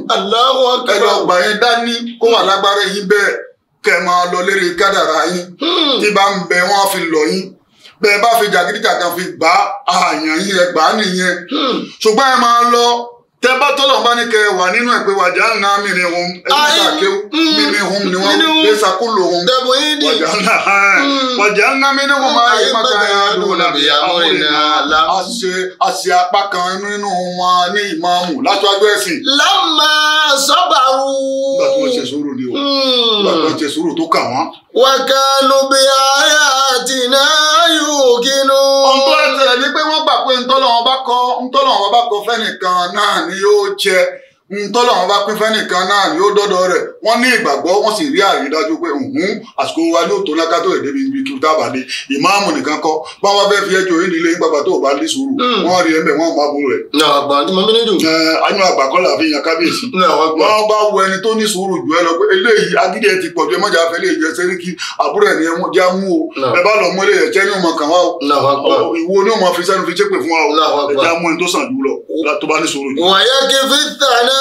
ẹ̀rọ ọgbà yẹn dání kó wà lágbára yín bẹ́ẹ̀ kẹ́ máa lọ lérí kádàrá yín hmm. tí bá ń bẹ wọ́n fi lọ yín bẹ́ẹ̀ bá fi jàgídíjàgan fi gbà àyàn yín ẹ gbà á nìyẹn hmm. ṣùgbọ́n ẹ máa lọ tẹ́bá tọ́lọ̀ bá ní kẹ wà nínú ẹ̀ pé wàjà ń na mìíràn òun ẹ̀ka kéwù mìíràn òun ni wọ́n lè sàkólò òun wàjà ń na mìíràn òun máa yí máa tàn án dùn nàbí amúrinà la. a ṣe a ṣe apá kan nínú wọn ní ìmáàmù látọ̀ agbẹ́ ẹ̀sìn. lámà sọ́bàrù. nígbà tí wọ́n ṣe sùúrù ni o mm. nígbà tí wọ́n ṣe sùúrù tó kà wọ́n. wàkàlù bí ayé àtìná yóò kínú. ọ̀n tó ẹ̀ ní pé wọ́n gbà pé ntọ́lọ́wọ́n bá kọ́ ntọ́lọ́wọ́n bá kọ́ fẹ́nìkan náà ní New ntọ́lọ́wọ́n bá pín fẹ́nìkan náà yóò dọ́dọ̀ rẹ̀ wọ́n ní ìgbàgbọ́ wọ́n sì rí àrídájú pé ǹhún àsìkò wa yóò tó lákàtọ̀ èdè bíi ibi kí dábàá ní ìmáàmù nìkan kọ́ bá wọn fẹ́ fi ẹjọ́ ìdílé gbàgbà tó o bá ní sùúrù hmm. wọ́n rí ẹ̀mẹ̀ wọ́n máa bú rẹ̀. àgbà ni màmí nínú. ẹ anú àgbà kọ́ làfi yan kábíyèsí. wọ́n bá wo ẹni tó ní sùúrù jù ẹ lọ pé eléyìí agídí ẹ ti pọ̀ jù ẹ mọ́jà já mú o ẹ bá lọ mú eléyìí ẹ̀jẹ̀ ní ọmọ o ìwo ní ọmọ fi sẹ́nu fi o ẹ já mú ẹni tó sàn jù lọ tó bá ní sùúrù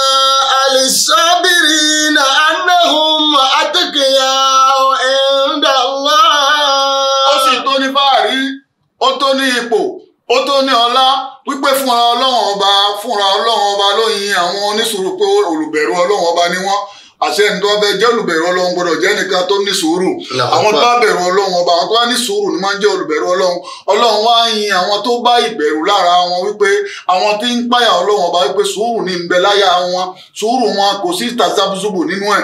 للصابرين أنهم أتقياء عند الله. ó sì tó ní fáàrí ó tó ní ipò ó tó ní ọlá wípé fúnra ọlọ́run ọba fúnra ọlọ́run ọba ló yin àwọn onísùúrù olùbẹ̀rù ọlọ́run ọba ni wọ́n àṣẹ nǹkan ọbẹ̀ jẹ́ olùbẹ̀rù ọlọ́run gbọ́dọ̀ jẹ́ nìkan tó ní sùúrù àwọn tó bá bẹ̀rù ọlọ́run ọba àwọn tó bá ní sùúrù ni máa ń jẹ́ olùbẹ̀rù ọlọ́run ọlọ́run wá yin àwọn tó bá ìbẹ̀rù lára wọn wípé àwọn tí ń páyà ọlọ́run ọba wípé sùúrù ní ń bẹ láyà wọn sùúrù wọn kò sí tàṣàbùsùbù nínú ẹ̀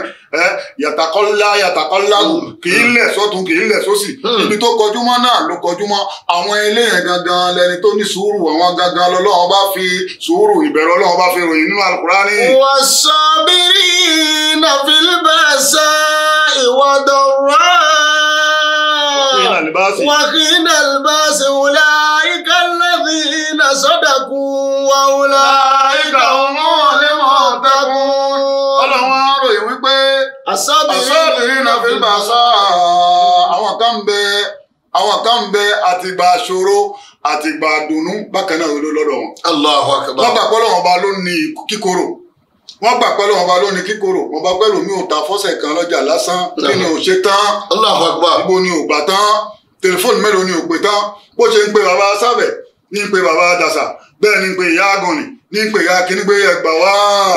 yàtàkọ́lá yàtàkọ́lá hmm. kì í lẹ̀ sọ́tún kì í lẹ̀ sósì hmm. ibi tó kọjú náà ló kọjú àwọn eléyàn gangan lẹni tó ní sùúrù àwọn gangan lọ́lọ́wọ́ bá fi sùúrù ìbẹ̀rù Ọlọ́run bá fi ròyìn nínú Al-Qur'ani. wa sabirina fil basa'i wa darra'i wa hinal basi ulaika alladhina sadaqu wa ulaika humul tẹ́kùn ọlọ́wọ́n ròyìn wípé asábìrin náà fi bá àwọn kan ń bẹ àwọn kan ń bẹ àtìgbà ṣòro àtìgbà dùnú bákan náà ló lọ́dọ̀ wọn. Allahu akbar. wọ́n gbà pé Ọlọ́run Ọba ló ní kíkorò wọ́n gbà pé Ọlọ́run Ọba ló ní kíkorò wọ́n bá pẹ́ lómi ò ta fọ́sẹ̀ kan lọ́jà lásán kí ni tán Allahu akbar ibo ni ò gbà tán tẹlifóònù mélòó ni ò pè tán bó ṣe ń pe bàbá sábẹ̀ ní pe bàbá dàsà bẹ́ẹ̀ ni pe ìyá àgànnì ní ìpè ya kí ni pé ẹ gbà wá.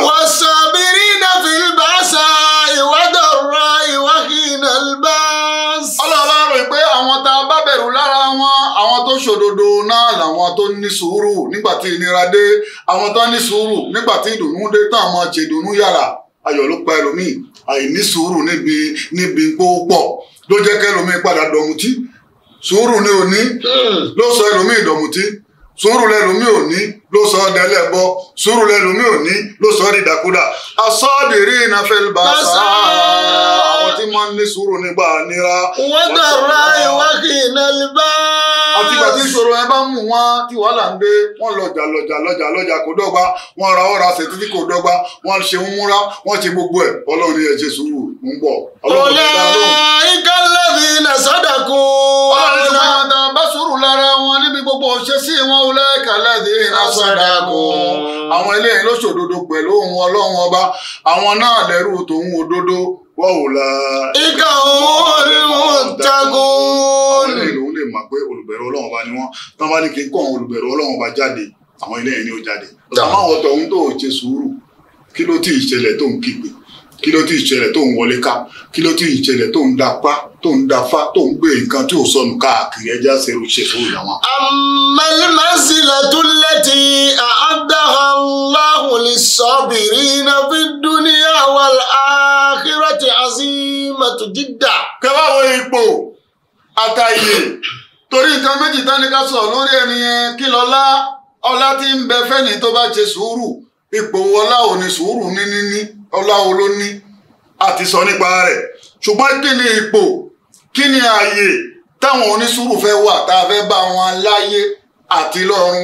wọ́n sọ bírí nàfi bá sa ìwádọ̀ rọ ìwákìnà bá. ọlọ́run rò pé àwọn tá a bá bẹ̀rù lára wọn àwọn tó ṣòdodo náà làwọn tó ní sùúrù nígbà tí ìnira dé àwọn tó ní sùúrù nígbà tí ìdùnnú dé tán àwọn ṣèdùnnú yàrá ayọ̀ ló pa ẹlòmíì àìní sùúrù níbi níbi púpọ̀ ló jẹ́ kẹ́lòmíì padà dọ̀mùtí sùúrù ni òní hmm. ló sọ ẹlòmíì dọ̀mùtí sùúrù lẹlòmí ò ní ló sọ ọ́ dẹlẹ́bọ sùúrù lẹlòmí ò ní ló sọ ọ́ dìdàkudà asọ́ọ̀dìrí ìnáfẹ́lbà sáà àwọn tí wọ́n ní sùúrù nígbà nira. wọ́n dàrá ìwákìí náà lè bá àtìgbà tí ìṣòro ẹ bá mú wọn tí wàhálà ń dé wọn lọjà lọjà lọjà lọjà kò dọ́gba wọn ra ọra sẹtítì kò dọ́gba wọn ṣe ń múra wọn ṣe gbogbo ẹ Ọlọ́run ni ẹ ṣe sùúrù mò ń bọ̀. ọlẹ ika lẹbi ilẹ sọdọkù. Ọlọ́run ti máa dán bá sùúrù lára wọn níbi gbogbo ṣe sí wọn ọlẹ ika lẹbi ilẹ sọdọkù. àwọn eléyìí ló ṣòdodo pẹ̀lú ohun Ọlọ́run ọba àwọn náà lẹ́rù tòun òdodo Ika òun ni wọ́n jagun. Àwọn èlò ń lè mọ̀ pé olùbẹ̀rù Ọlọ́run ọba ni wọ́n. Tí bá ní kí n kó àwọn olùbẹ̀rù Ọlọ́run ọba jáde, àwọn ilé yẹn ni ó jáde. Àmọ́ àwọn ọ̀tọ̀ òun tó ṣe sùúrù. Kí ló tí ì ṣẹlẹ̀ tó ń kígbe? kí ló ti ìṣẹ̀lẹ̀ tó ń wọlé ká kí ló ti ìṣẹ̀lẹ̀ tó ń dapá tó ń dafá tó ń gbé nǹkan tí ò sọnù káàkiri ẹja ṣerú ṣe fún ìyàwó. àmàlìmásílẹ̀ tún lẹ́tì àádáhàláhùn lè sọ́bìrì iná fi dúníyà wà áhírọ̀tì àzímọ̀tò jíjà. kẹfà ipò àtàyè torí nǹkan méjì tán ni ká sọ lórí ẹni yẹn kí lọlá ọlá tí ń bẹ fẹ́ni tó bá ṣe sùúrù ipò wọlá ò ní sùúrù ní níní ọláwo ló ní àti sọ nípa rẹ̀ ṣùgbọ́n kí ni ipò kí ni ààyè táwọn onísùúrù fẹ́ wà tá a fẹ́ bá wọn láyé àti lọ́run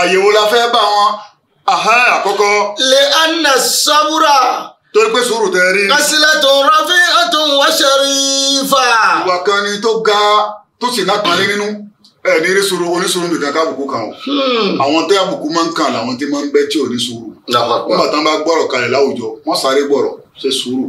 àyèwò la fẹ́ bá wọn àkọ́kọ́. lè anna sábúrà torí pé sùúrù tẹ rí. kásílẹ̀ tó ráfí àtún wá ṣẹ̀rífà. ìwà kan ni tó ga tó sì lápàlẹ́ nínú ẹ̀ ní rí sùúrù onísùúrù nìkan káàbùkù kan o. Hmm. àwọn tẹ́ àbùkù máa ń kàn làwọn tí máa ń bẹ́ tí ò ní nígbà tí wọ́n bá gbọ́rọ̀ kalẹ̀ láwùjọ wọ́n sáré gbọ́rọ̀ ṣe sùúrù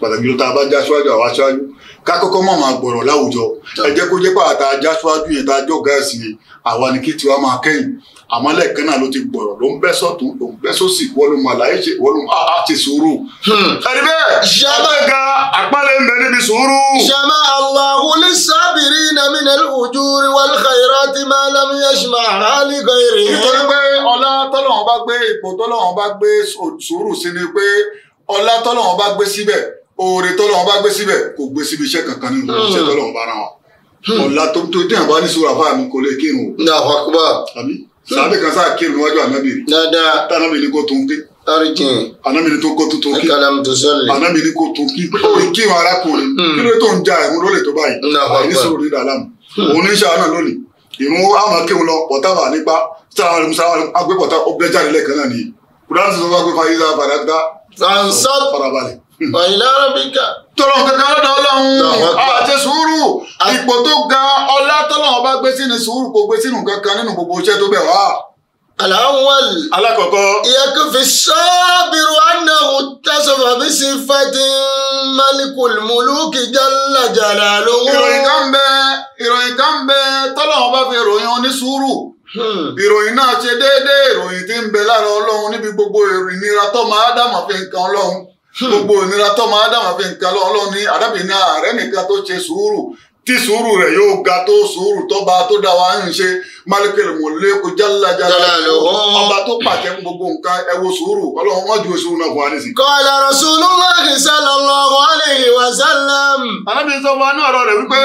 pàtàkì ló tá a bá já síwájú àwa síwájú ká kọ́kọ́ mọ̀ máa gbọ́rọ̀ láwùjọ ẹ jẹ́ kó jẹ́ pé àtà já síwájú yẹn tá a jọ gáàsì yẹn àwa ni kí tiwa máa kẹ́yìn àmọ́ lẹ́ẹ̀kan náà ló ti gbọ́rọ̀ ló ń bẹ́ sọ̀tún ló ń bẹ́ sósì wọ́n ló màlá ẹ̀ ṣe wọ́n ló á ti sùúrù. Hmm. ẹni bẹ́ẹ̀ ṣàbẹ̀ga àpálẹ̀ ń bẹ níbi sùúrù. ṣàmà sabirina minal ujuri wal khairati ma lam yashma'ha li ghayrihim. nítorí pé ọlá tọ́lọ́wọ́n bá gbé ipò tọ́lọ́wọ́n bá gbé sùúrù sí ni pé ọlá tọ́lọ́wọ́n bá gbé síbẹ̀ oore tọ́lọ́wọ́n bá gbé síbẹ̀ kò gbé síbi iṣẹ́ kankan nínú hmm. iṣẹ́ tọ́lọ́wọ́n bá rán wa hmm. ọ̀la tó tó tí àbá ní sùúrù àfáà mi kò lè kírun o. ní àwọn akọ́bà. sàbẹ̀ kan sáà kírun wájú arijin. anamí ni tó kọ́ tó tó kí. kalamu tó sọlẹ̀. anamí ni kò tó kí. Hmm. ó kí wọn arákùnrin. Hmm. kí ló tó ń ja ẹ̀hún ló lè tó báyìí. àyè ní sòrò nílò alámù. òun ní sàánà lónìí. ìmú àwọn akéwọn lọ pọ̀tà wà nípa sàánà musa agbé pọ̀tà ó bẹ́ẹ̀ jáde lẹ́ẹ̀kan náà nìyí. kúránì sọ fún agbéfa yíyá fàdákà. sansa farabalẹ̀. ọ̀yìnlá hmm. arábíkà. tọrọ kankan lọ́dọ̀ Ọlọ́run àti sùúrù ipò tó ga ọlá tọlọ́run bá gbé sínú sùúrù kò gbé aláwọ̀l. alákọ̀ọ́kọ́. ìyàkùnfin sọ́ọ́bìrù anáhùn tẹ́sánfà bí sí fẹ́tí malikul muluki jalla jalaluhu. ìròyìn kan bẹ ìròyìn kan bẹ tọ́lọ́wọ́n bá fi ròyìn onísùúrù. Hmm. ìròyìn náà ṣe déédéé ìròyìn tí ń bẹ lára ọlọ́run níbi gbogbo ìnira tó máa dàmọ̀ fi nǹkan ọlọ́run hmm. gbogbo ìnira tó máa dàmọ̀ fi nǹkan ọlọ́run ní arábìnrin ààrẹ nìkan tó ṣe sùúrù tí sùúrù rẹ̀ yóò ga tó sùúrù tọ́ba tó dá wa ń ṣe malikele mọ̀lẹ́ kó jálajàlá ọba tó pàṣẹ fún gbogbo nǹkan ẹ wo sùúrù ọlọ́run wọ́n ju sùúrù náà fún wa nísìnyí. qala rasulullahi sallallahu alayhi wa sallam. alábí sọ fún wa ní ọ̀rọ̀ rẹ̀ wípé.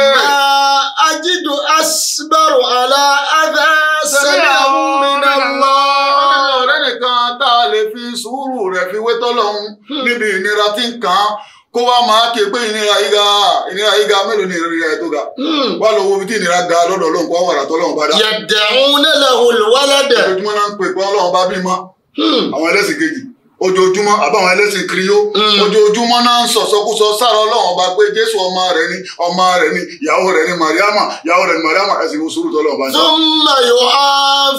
ajidu asbaru ala adha sami'ahu min Allah ọ̀rẹ́ nìkan tá a lè fi sùúrù rẹ̀ fi wé tọ́lọ́hún hmm. níbi ìnira tí ń kàn án kó wá máa ké pé ìnira yìí ga ìnira yìí ga mélòó ni ìnira yìí tó ga. Hmm. wá lọ wo ibi tí ìnira ga lọ́dọ̀ ọlọ́run kó wàrà tó ọlọ́run bá dá. yẹ̀dẹ̀ ń lẹ́lẹ̀ olùwáládẹ̀. ojoojúmọ́ náà ń pè pé ọlọ́run bá bímọ. Hmm. àwọn ẹlẹ́sìn kejì ojoojúmọ́ àbáwọn ẹlẹ́sìn kiriyó mm. ojoojúmọ́ náà ń sọ̀sọ́kúsọ sára ọlọ́run ọba pé jésù ọmọ rẹ̀ ni ọmọ rẹ̀ ni ìyàwó rẹ̀ ni mariama ìyàwó rẹ̀ ni mariama ẹ̀sìn ìwọ sùúrù tọ́lọ́ ọba ṣe. súnmọ́ yóò á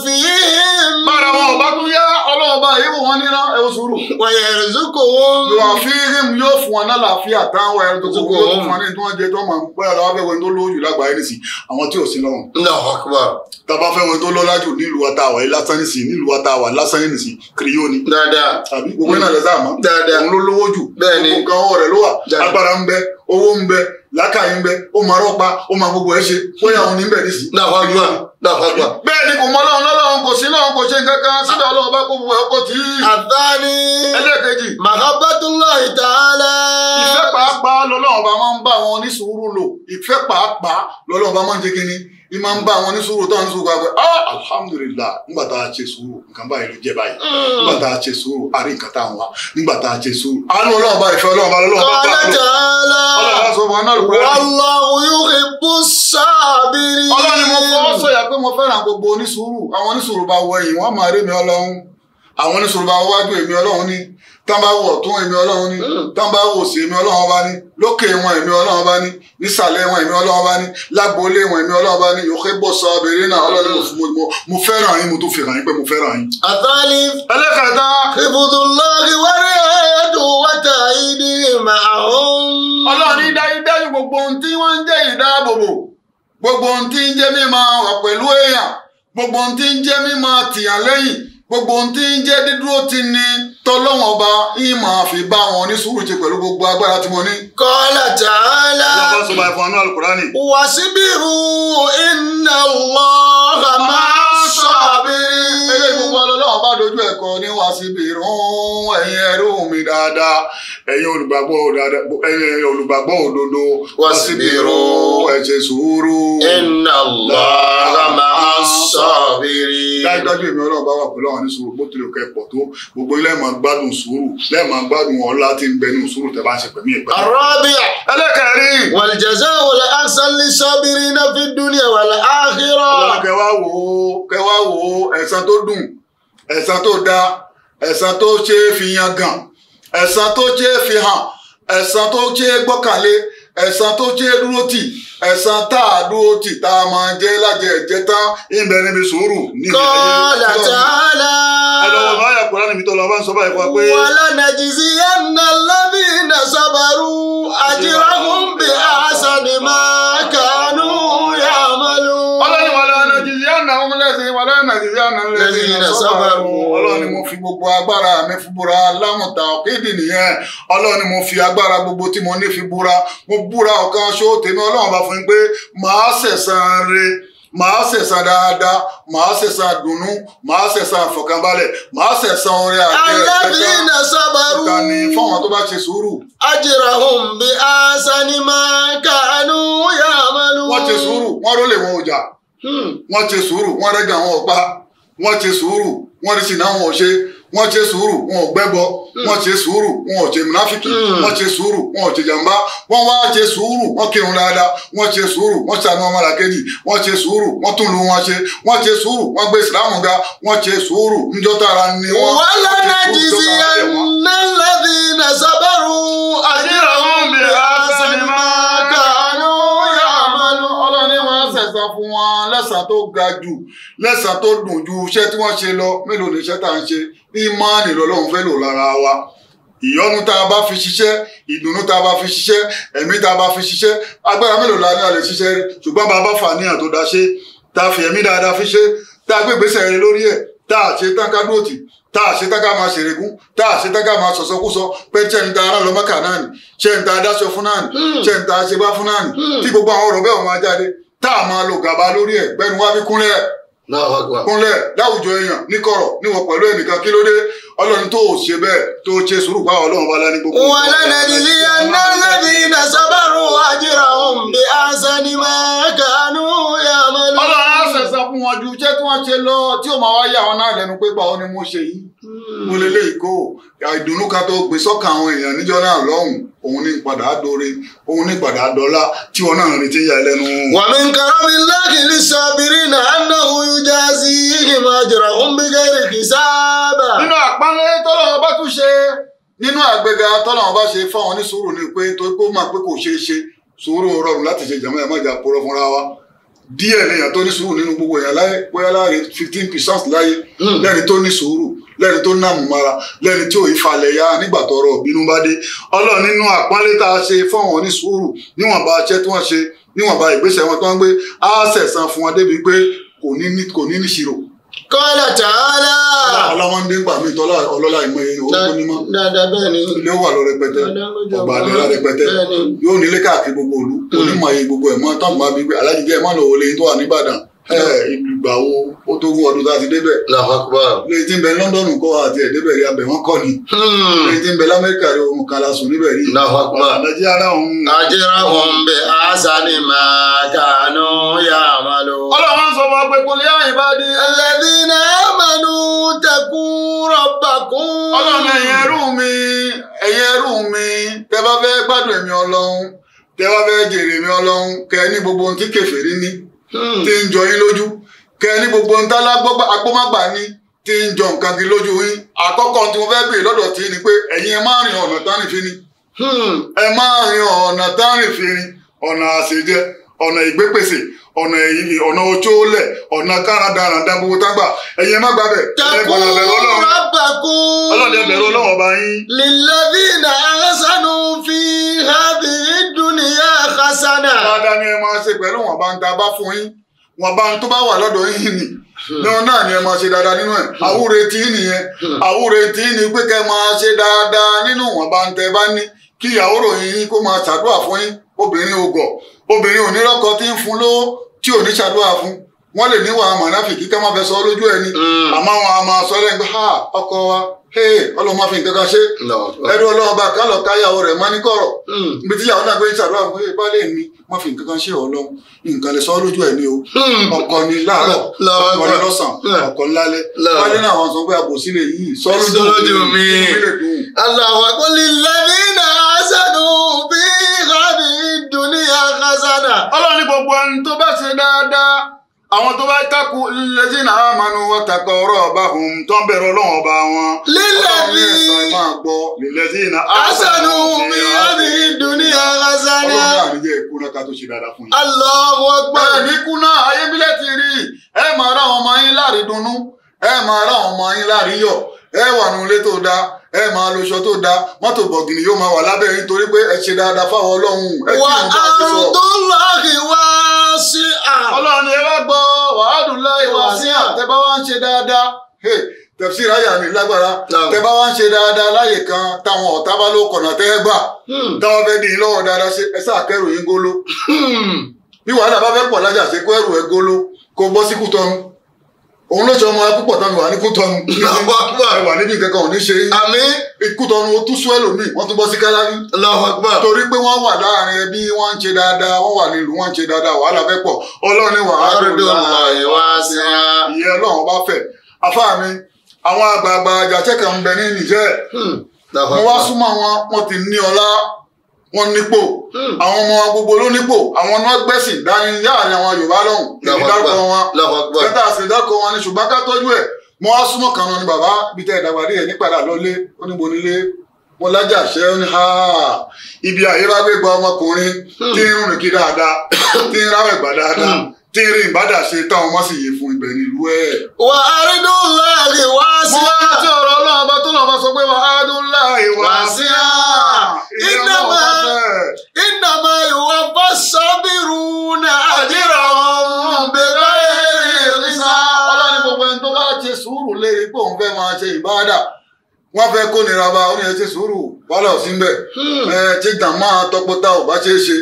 fi hìm. bára wọn ọba tún yá ọlọ́run ọba yìí wò wọ́n níná ẹ wò sùúrù. wọ̀nyẹ̀ ẹ̀rọ̀zókò wo. yóò fi hìm yóò fún wọn lálàáfíà táwọn ẹ̀rọ̀zókò yóò fún wọn ní tí wọ́n jẹ tí wọ́n máa ń gbé ara wọn fẹ́ wọn tó lóyún lágbàáyé nìsín àwọn tí ò sí lọ́wọ́. ǹjẹ́ ọ̀họ́kùnrin tàbá fẹ́ wọn tó lọ́lájú nílùú wa tá a wà yìí lásán nìsín nílùú wa tá a wà lásán nìsín kiriyó ni. dáadáa tàbí gbogbo iná lẹ́sà mọ́ dáadáa òun ló lówó jù bẹ́ẹ̀ni nǹkan ọwọ́ rẹ̀ ló wà agbára ń bẹ owó ń bẹ làákàyè ń bẹ ó máa rọ́pa ó máa gbogbo ẹ̀ ṣe fún ìyàwó níbẹ̀ nísìnyí lọ́kọ̀gbọ̀. bẹ́ẹ̀ ni kò mọ ọlọ́run lọ́lọ́run kò sí lọ́run kò ṣe nǹkan kan sídà ọlọ́run bá kó wọ ọkọ̀ tí. àtàní. ẹlẹ́ẹ̀kejì. mahabatulahi ta'ala. ìfẹ́ pàápàá lọ́lọ́run bá máa ń bá wọn ní lò ìfẹ́ pàápàá lọ́lọ́run bá máa ń jẹ́ kínní i máa ń bá wọn ní tó ń sùúrù ká ah, alhamdulilah nígbà tá a ṣe sùúrù nǹkan báyìí ló jẹ báyìí mm. nígbà tá sọ̀yà pé mo fẹ́ràn gbogbo onísùúrù àwọn onísùúrù bá wọ ẹ̀yìn wọ́n máa rí mi ọlọ́run àwọn onísùúrù bá wájú èmi ọlọ́run ní tán bá wọ̀ tún èmi ọlọ́run ní hmm. tán bá wò sí èmi ọlọ́run bá ní lókè wọn èmi ọlọ́run bá ní nísàlẹ̀ wọn èmi ọlọ́run bá ní lágboolé wọn èmi ọlọ́run bá ní yòókè bọ̀ sọ abèrè náà ọlọ́run mo mo mo fẹ́ràn yín mo tún fẹ́ràn yín pé mo fẹ́ràn yín. àtàlí ẹlẹ́kàtà ibùdókòlórí wárí ẹ̀ẹ́dùn wájà ìdí màá ọlọ́run dájú dájú gbogbo ohun tí wọ́n ń jẹ́ ìdáàbòbò gbogbo ohun tí ń jẹ́ mímọ̀ wà pẹ̀lú èèyàn gbogbo ohun tí ń jẹ́ mímọ̀ tìyàn lẹ́yìn gbogbo ohun tí ń jẹ́ dídúró ti ní tọ́lọ́wọ́n ọba yìí máa bá wọn ní sùúrù ṣe pẹ̀lú gbogbo agbára tí mo ní. kọ́lá tààlà. lọ́kọ́ sọ̀rọ̀ ẹ̀fọn náà wàṣíbìrù inna Allah máa dojú ẹ̀kọ́ níwá síbi irun ẹ̀yin ẹrú mi dáadáa ẹ̀yin olùgbàgbọ́ dáadáa ẹ̀yin olùgbàgbọ́ òdodo wá síbi irun ẹ sùúrù. Inna Allaha ma'as sabiri. dájúdájú èmi ọlọ́run bá wà pẹ̀lú àwọn oníṣòro bó tilẹ̀ kẹ́ pọ̀ tó gbogbo ilé máa gbádùn sùúrù lẹ́ẹ̀mọ̀ gbádùn ọ̀la tí ń bẹ sùúrù tẹ̀ bá ń ṣe pẹ̀lú ìpẹ́. àrọ́bíà ẹlẹ́kẹ̀rin. wal jazaa wal ahsan lisabirina fid dunya wal akhirah. kẹwàá wo kẹwàá wo ẹ̀san tó dùn ẹ̀san tó dáa ẹ̀san tó ṣe é fi yangàn ẹ̀san tó ṣe é fi hàn ẹ̀san tó ṣe é gbọ́kànlé ẹ̀san tó ṣe é dúró tì ẹ̀san tá a dúró tì tá a máa jẹ́ lájẹ ẹ̀jẹ̀ tán ìbẹ̀ níbi sùúrù níbi ẹ̀yẹ kọ́lá tààlà. ẹ lọ́wọ́ máa yà kúrò níbi tó lọ́wọ́ bá ń sọ báyìí fún wa pé. wà lọ́nà jìzì ẹ̀nà lọ́bì ìnà sábàrú àjíràhùn bí àṣà ni máa kà láwọn lẹ́sìn wà agbara nàìjíríà náà lẹ́sìn ìrẹsọ́gbàrà ọlọ́run ni mo fi gbogbo agbára mi fi búra nìyẹn ni mo fi agbára gbogbo tí mo ní fi búra mo búra ọ̀kan ṣó tèmi ọlọ́run bá fún mi pé màá ṣẹ̀san re màá ṣẹ̀san dáadáa màá ṣẹ̀san dùnnú màá ṣẹ̀san àfọ̀kànbalẹ̀ màá ṣẹ̀san orí àti ìtàní fún àwọn ma kanu ya'malu. wọ́n sùúrù wọ́n ṣe sùúrù wọ́n rẹ́gà wọn ọ̀pá wọ́n ṣe sùúrù wọ́n rí sinna wọn ò ṣe wọ́n ṣe sùúrù wọn wọ́n ṣe sùúrù wọn ṣe wọ́n ṣe sùúrù wọn nwa wọ́n wá ṣe sùúrù wọ́n kírun wọ́n ṣe sùúrù wọ́n ṣàánú ọmọ ṣe sùúrù wọ́n wọ́n ga ṣe tara wọ́n. wọ́n na wọn lẹ́san tó ga jù lẹ́san tó dùn ju iṣẹ́ tí wọ́n ṣe lọ mélòó ni iṣẹ́ tá à ń ṣe ìmánì lọ́lọ́run fẹ́ lò lára wa ìyọ́nú tá a bá fi ṣiṣẹ́ ìdùnnú tá a bá fi ṣiṣẹ́ ẹ̀mí tá a bá fi ṣiṣẹ́ agbára mélòó la ní a lè ṣiṣẹ́ ṣùgbọ́n bá a bá fàníyàn tó dáṣe tá a fi ẹ̀mí dáadáa fi ṣe tá a gbé ìgbésẹ̀ rere lórí ẹ̀ tá a ṣe tán ká dóòtì tá a ṣe tán ká máa ṣèrègún tá a ṣe tán ká máa sọ̀sọ́kúsọ pé ṣẹ́ ń ta ara lọ́mọ́kà náà ni ṣẹ́ ń ta adáṣọ fún náà ni hmm. ṣẹ́ ń ta aṣebá fún náà ni hmm. tí gbogbo àwọn ọ̀rọ̀ bẹ́ẹ̀ wọ́n máa jáde tá a máa lo gàba lórí ẹ̀ gbẹ́nu wá bí kúnlẹ̀ kúnlẹ̀ láwùjọ èèyàn níkọ̀rọ̀ níwọ̀ pẹ̀lú ẹnìkan kí ló dé ọlọ́run tó o ṣe bẹ́ẹ̀ tó o ṣe sùúrù bá ọlọ́run bá lání gbogbo. wọn lẹ́nu ìdílé ẹ̀ńdá lẹ́bi ilẹ̀ sábàrún àjẹrà òun bí àṣà ni máa kàánú á ṣẹ̀ṣẹ̀ fún wọn ju iṣẹ́ tí wọ́n ṣe lọ tí ó máa wáyé àwọn náà lẹ́nu pé báwo ni mo ṣe yìí. mo lè lè kó ìdùnnú ká tó gbé sọ́kà àwọn èèyàn níjọ́ náà lọ́hùn òun ní padà dóore òun ní padà tí wọn náà retí ìyá ẹlẹ́nu. wa min karamillahi lis-sabirina annahu yujazihim ajrahum bighairi hisab. nínú àpáńlé tọ́lọ́wọ́ bá tún ṣe nínú àgbẹ̀gà tọ́lọ́wọ́ ọba ṣe fáwọn onísùúrù ni pé tó kó máa pé kò díẹ̀ ni tó ní sùúrù nínú gbogbo èèyàn láyé bóyá láàrin fifteen percent láyé hmm. lẹ́ni tó ní sùúrù lẹ́ni tó nàmú mara lẹ́ni tí ò yí falẹ̀ ya nígbà tọrọ ìbínú bá dé ọlọ́run nínú àpọ́nlé tá a ṣe fọ́wọn ní sùúrù níwọ̀nba iṣẹ́ tí wọ́n ṣe níwọ̀nba ìgbésẹ̀ wọn tó ń gbé á sẹ̀san fún wọn débi pé kò ní níṣirò kọ́lá tààlà. ọlọ́wọ́n dé gbàmí tọ́lá ọlọ́lá ìmọ̀ èèyàn orúkọ nímọ̀. dáadáa bẹ́ẹ̀ ni. ilé wà lọ rẹpẹtẹ ọgbà àdéhà rẹpẹtẹ yóò nílé káàkiri gbogbo òlu hmm. onímọ̀ yìí gbogbo ẹ̀ mọ́ tọ́gbà bíi alájíjẹ́ mọ́ lọ́wọ́ lẹ́yìn tó wà ní Ìbàdàn ìgbà wo ó tó gún ọdún tá débẹ̀. lẹ́yìn tí ń bẹ London kọ́ àti ẹ̀dẹ́bẹ̀ rí abẹ̀ wọ́n kọ́ ni. Hmm. lẹ́yìn tí bẹ lamẹ́ríkà rí ohun kan lásùn níbẹ̀ rí. nàìjíríà ọ̀hún. nàìjíríà ọ̀hún bẹ àṣà ni màá kànú yà má lò. ọlọ́run sọ fún apẹ̀kùn ní àyìnbádé. ẹlẹ́bí náà mẹ́nu tẹkùn rọ̀bàkún. ọlọ́run ẹ̀yin ẹrú mi ẹ̀yin ẹrú mi tẹ bá fẹ́ gbádùn ẹ̀mí ọlọ́run tẹ bá fẹ́ jèrè ẹ̀mí ọlọ́run kẹ ní gbogbo ohun tí kèfèrí ní. Hmm. tí ń jọ yín lójú kẹ ní gbogbo ń tálá agbómágbà ní tí ń jọ nǹkan kí lójú yín àkọ́kọ́ tí mo fẹ́ bèèrè lọ́dọ̀ tí ni pé ẹ̀yin ẹ má rìn ọ̀nà tánìfín ni hmm. ẹ má rìn ọ̀nà tánìfín ọ̀nà àṣejẹ ọ̀nà ìgbépèsè ọ̀nà èyí ọ̀nà ó lẹ̀ ọ̀nà káradára dábòbò tágbà ẹ̀yẹ má gbàgbẹ́. fi hasana. ni ẹ máa ṣe pẹ̀lú wọn bá ń ta bá fún yín wọn bá ń tó bá wà lọ́dọ̀ yín ni hmm. náà ni ẹ máa ṣe dáadáa nínú hmm. àwúre tí nìyẹn hmm. àwúre tí pé máa wọn bá ń tẹ bá ní kí ìyàwó ròyìn yín kó máa obìnrin ò ní rọ́kọ tí ń fún lówó tí ò ní ṣàdúrà fún wọ́n lè níwà mọ̀náfìkì kí wọ́n fẹ́ sọ lójú ẹni mm. àmọ́ wọn a máa sọ lẹ́yìn pé ha ọkọ wa ọlọ́run máa fi nǹkan kan ṣe ẹ̀rú ọlọ́run bá kálọ̀ káyàwó rẹ̀ máa ní kọ̀rọ̀ mm. ibi tí ìyàwó náà gbé ìṣàdúrà pé baálé mi máa fi nǹkan kan ṣe ọlọ́run nǹkan lè sọ lójú ẹni o mm. ọkọ ni láàárọ̀ ọkọ ni lọ́sàn-án ọkọ lálẹ́ wálé náà wọn sọ pé àbòsí lè yí sọ lójú mi aláwọ̀ kọ́lí lẹ́mínà sẹ́dùn bí ọlọ́run ní gbogbo ẹni tó bá ṣe dáadáa àwọn tó bá takú lẹ́jìnà àmánu wàtàkọ̀ ọ̀rọ̀ ọba òun tó ń bẹ̀rù ọlọ́run ọba wọn. lílẹ̀ ní lẹ́jìnà mi láti dúníyà lásánà. ọlọ́run àríyá ìkúná ká tó ṣe dáadáa fún ti rí ẹ máa ra àwọn ọmọ yín láàrin dunnú ẹ máa ra àwọn ọmọ yín láàrin yọ̀ ẹ wà nù ilé tó dáa ẹ máa loṣọ tó dáa mọ́tò bọ̀gìnì yóò máa wà lábẹ́ nítorí pé ẹ ṣe dáadáa fáwọn ọlọ́run wà á tó lọ́ọ̀kì wá sí à. ọlọ́run ẹ wá gbọ́ wàhálù láì wá sí à tẹ bá wá ń ṣe dáadáa tẹ̀sí ráyà mi lágbára tẹ bá wá ń ṣe dáadáa láyè kan táwọn ọ̀tá bá ló kọ̀nà tẹ́ ẹ gbà hmm. táwọn fẹ́ dín lọ́wọ́ dáadáa ṣe ẹ sáà yín góló hmm. bí wàhálà bá fẹ́ pọ̀ lájà ṣe kó ẹrù ẹ góló kó bọ́ síkú tọrun òun ló ṣe ọmọ púpọ̀ tán mi wà ní kútọ́nu wà níbi kankan ò ní ṣe àmì kútọ́nu o tún sún ẹlòmíì wọ́n tún bọ́ sí kálárì torí pé wọ́n wà láàrin ẹbí wọ́n ń ṣe dáadáa wọ́n wà nílùú wọ́n ń ṣe dáadáa wàhálà fẹ́ pọ̀ ọlọ́run ni wàhálà tó lọ ìwà sí i ìyẹn ọlọ́run bá fẹ́ afá mi àwọn àgbààgbà àjàṣẹ́kẹ̀ ń bẹ ní nìjẹ́ hmm. mo wá súnmọ́ wọn wọ́n ti ní ọlá wọn nípò hmm. àwọn ọmọ wọn gbogbo ló nípò àwọn ọmọ gbẹ̀sìn dání láàrin àwọn Yorùbá lọ́hùn èmi dákọ̀ wọn kẹta sì dákọ̀ wọn ni ṣùgbọ́n ká tọ́jú ẹ̀ mo wá súnmọ́ kan náà ni bàbá bíi tẹ́ ìdàgbàdì ẹ̀ nípadà lọ́lé ó níbo nílé mo lájà ṣe ń ha ibi àyíráwé gba ọmọkùnrin hmm. tí ń rìn kí dáadáa tí ń ráwẹ̀ gbà dáadáa hmm. tí ń rìn bàdà ṣe táwọn ọmọ sì yè fún ibẹ̀ nílùú ẹ̀. wà á rí dùn láàrin wá sí i. mo wá tó ọba tó lọ́ba sọ pé wàhálà ìwà sí à ìnàmà ìnàmà ìwà bá sábìrù náà àdìrà ọ̀nbẹ̀rẹ̀ ìrìnsà. ọlọ́ni gbogbo ẹni tó bá ti sùúrù lé ipò òun fẹ́ máa ṣe ìbáadà wọ́n fẹ́ kó nira ba ó ní ẹ ti sùúrù wàhálà ò sí ń bẹ̀ hmm. ẹ ti dàn máa tọpọta ò bá ṣeé ṣe.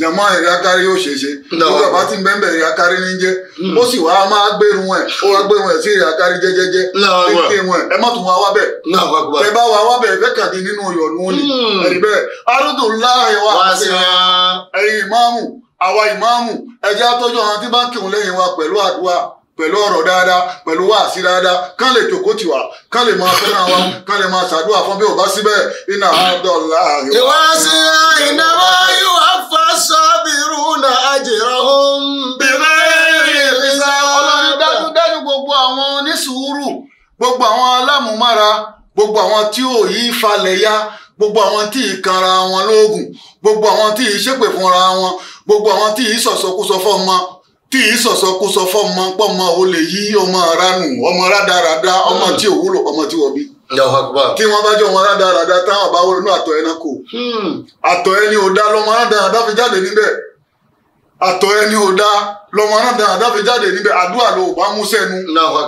jẹmọ ìrìn akárí yóò ṣeéṣe lórí ọba ti bẹ́ẹ̀ bẹ̀rẹ̀ akárí ní o hmm. ó sì wá máa gbẹ̀rù ẹ̀ ó wá gbẹ̀rù sí kéèké wọn ẹ má tún wá wá ẹ bá wá wá ẹ kàdé nínú òní arúgbó láàyè wa ẹ̀yin ìmáàmù àwa ìmáàmù ẹ̀jẹ̀ àtọ́jú àwọn tí bá ń kírun pẹ̀lú ọ̀rọ̀ dáadáa pẹ̀lú wáàsí dáadáa kán lè tòkó tiwa kán lè máa fẹ́ràn wa kán lè máa ṣàdúrà fún bí o bá síbẹ̀ iná àádọ́lá ìwà sí ìnáwó ìwà fásọ bírú na àjèrò ohun bíbẹ́ ìrìnsà ọlọ́run dájúdájú gbogbo àwọn onísùúrù gbogbo àwọn alámùmára gbogbo àwọn tí ò yí falẹ̀ ya gbogbo àwọn tí ì kanra wọn lóògùn gbogbo àwọn tí ì ṣépè fúnra wọn gbogbo àwọn tí ì sọ̀sọ̀kúsọ fọ́ ọmọ tí ìsọ̀sọkúsọ fọmọ pọmọ ò lè yí ọmọ ranù ọmọ rádaràda ọmọ hmm. tí ò wúlò ọmọ tí wọ́n bí tí wọ́n bá jọ wọn rádaràda táwọn bá wọlé náà àtọ̀ ẹranko hmm. àtọ̀ ẹni ò dá lọ́mọ rádaràda fi jáde níbẹ̀ àtọ̀ ẹni ò dá lọ́mọ rádaràda fi jáde níbẹ̀ àdúrà ló bá mú sẹ́nu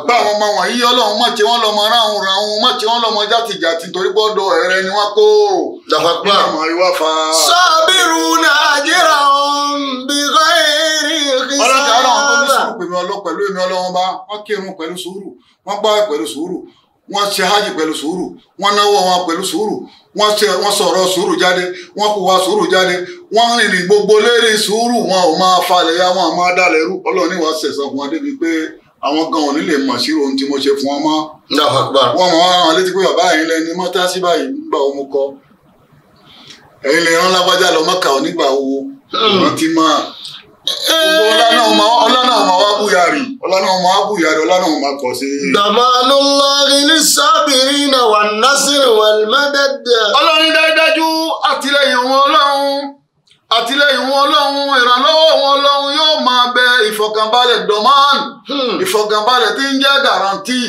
báwọn ọmọ wọ̀nyí ọlọ́run má ti wọ́n lọ́mọ ráhùn ráhùn má ti wọ́n lọ́mọ játìjàtì torí gbọ́dọ̀ ẹ̀rẹ́ pẹ̀lú èmi ọlọ́run bá wọ́n kírun pẹ̀lú sùúrù wọ́n gbààwẹ̀ pẹ̀lú sùúrù wọ́n ṣe hajj pẹ̀lú sùúrù wọ́n náwó wọn pẹ̀lú sùúrù wọ́n ṣe wọ́n sọ̀rọ̀ sùúrù jáde wọ́n hùwà sùúrù jáde wọ́n rìn ní gbogbo lérí sùúrù wọn ò máa falẹ̀ ya wọn máa dalẹ̀ rú ọlọ́run ní wàá sẹ̀sán fún wọn débi pé àwọn gan òní lè mọ̀ síro ohun tí mo ṣe fún wọn mọ́. wọ́n mọ̀ wọ́n rán létí pé bàbá yìí lẹni mọ́tá sí báyìí nígbà wo mo kọ́ ẹ̀yin lè rán lágbájá lọ mọ́kà onígbà wo rántí hmm. máa Dàmánúláàrí ní sábìrì náà wà násìrì wà mẹ́dẹ̀dẹ̀. Ọlọ́run dájúdájú àtìlẹ́yìn wọn ọlọ́run àtìlẹ́yìn wọn ọlọ́run ìrànlọ́wọ́ wọn ọlọ́run yóò máa bẹ ìfọ̀kànbalẹ̀ dọ̀mán hmm. ìfọ̀kànbalẹ̀ tí ń jẹ́ garanti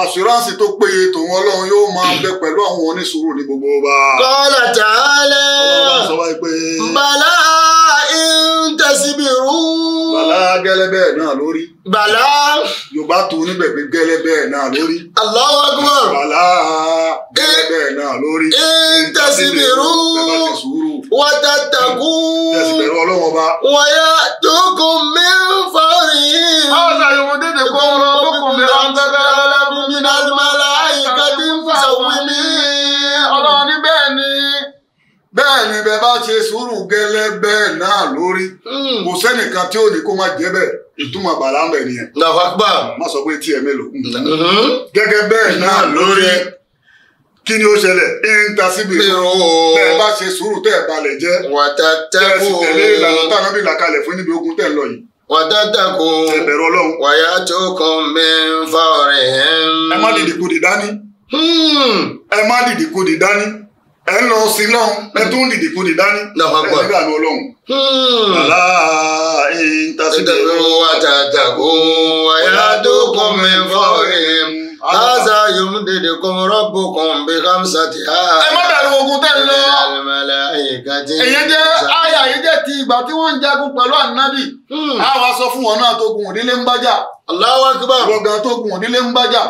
àṣùránsì hmm. tó péye tòun ọlọ́run yóò máa bẹ pẹ̀lú àwọn onísùúrù ní gbogbo ọba. Kọ́lá tààlẹ̀. Ọlọ́run sọ wáyé pé. Bàlá ń tẹ̀síbìrú. bàlá gẹ́lẹ́bẹ̀ náà lórí. bàlá. yorùbá tó níbẹ̀ pé gẹ́lẹ́bẹ̀ náà lórí. Allahu Akbar. bàlá gẹ́lẹ́bẹ̀ náà lórí. ń tẹ̀síbìrú. wàtàtàkùn. tẹ̀síbìrú ọlọ́wọ́ba. wàyà tó kún mi bẹ bá ṣe sùúrù gẹ́lẹ́ bẹ́ẹ̀ náà lórí hmm. kò sẹ́nìkan tí ò ní kó má jẹ́ bẹ́ẹ̀ ìtumọ̀ bàrà ń bẹ̀ nìyẹn. làwọn àgbà. má sọ pé tiẹ̀ mélòó. Mm-hmm. gẹ́gẹ́ bẹ́ẹ̀ náà lórí kí ni ó ṣẹlẹ̀ intasibir tẹ́ ẹ bá ṣe sùúrù tẹ́ ẹ balẹ̀ jẹ́ tẹ́ ẹ sì tẹ̀lé ìlànà tá a nábì là kalẹ̀ fún níbi ogun tẹ́ ẹ lọ yìí. wàtàtàkù ẹbẹ̀rù ọlọ́run. wàyà tó kàn mí ń fa ọ̀rẹ́ ẹ̀ ń. ẹ má dìdìkudì dání. Hmm. ẹ má dìdìkudì dání ẹ ń lọ sí lọ́hún hmm. ẹ tún dìde kó dì dání ẹ nígbà lọ lọ́hún. Hmm. àlá ìtàsídẹ̀rù àtàtàkù àyàdókùn mi fọ́rin láàzà yòm dèdè kùn rọ́bù kùn bí hamsa ti ha. ẹ má dàrú ogun tẹ́ lọ. èyí jẹ́ àyà yìí jẹ́ ti ìgbà tí wọ́n ń jagun pẹ̀lú ànábì. àwa hmm. sọ fún wọn náà tó gun òdílé ń bájà. Allahu akbar. gbọ̀ngàn tó gun òdílé ń bájà.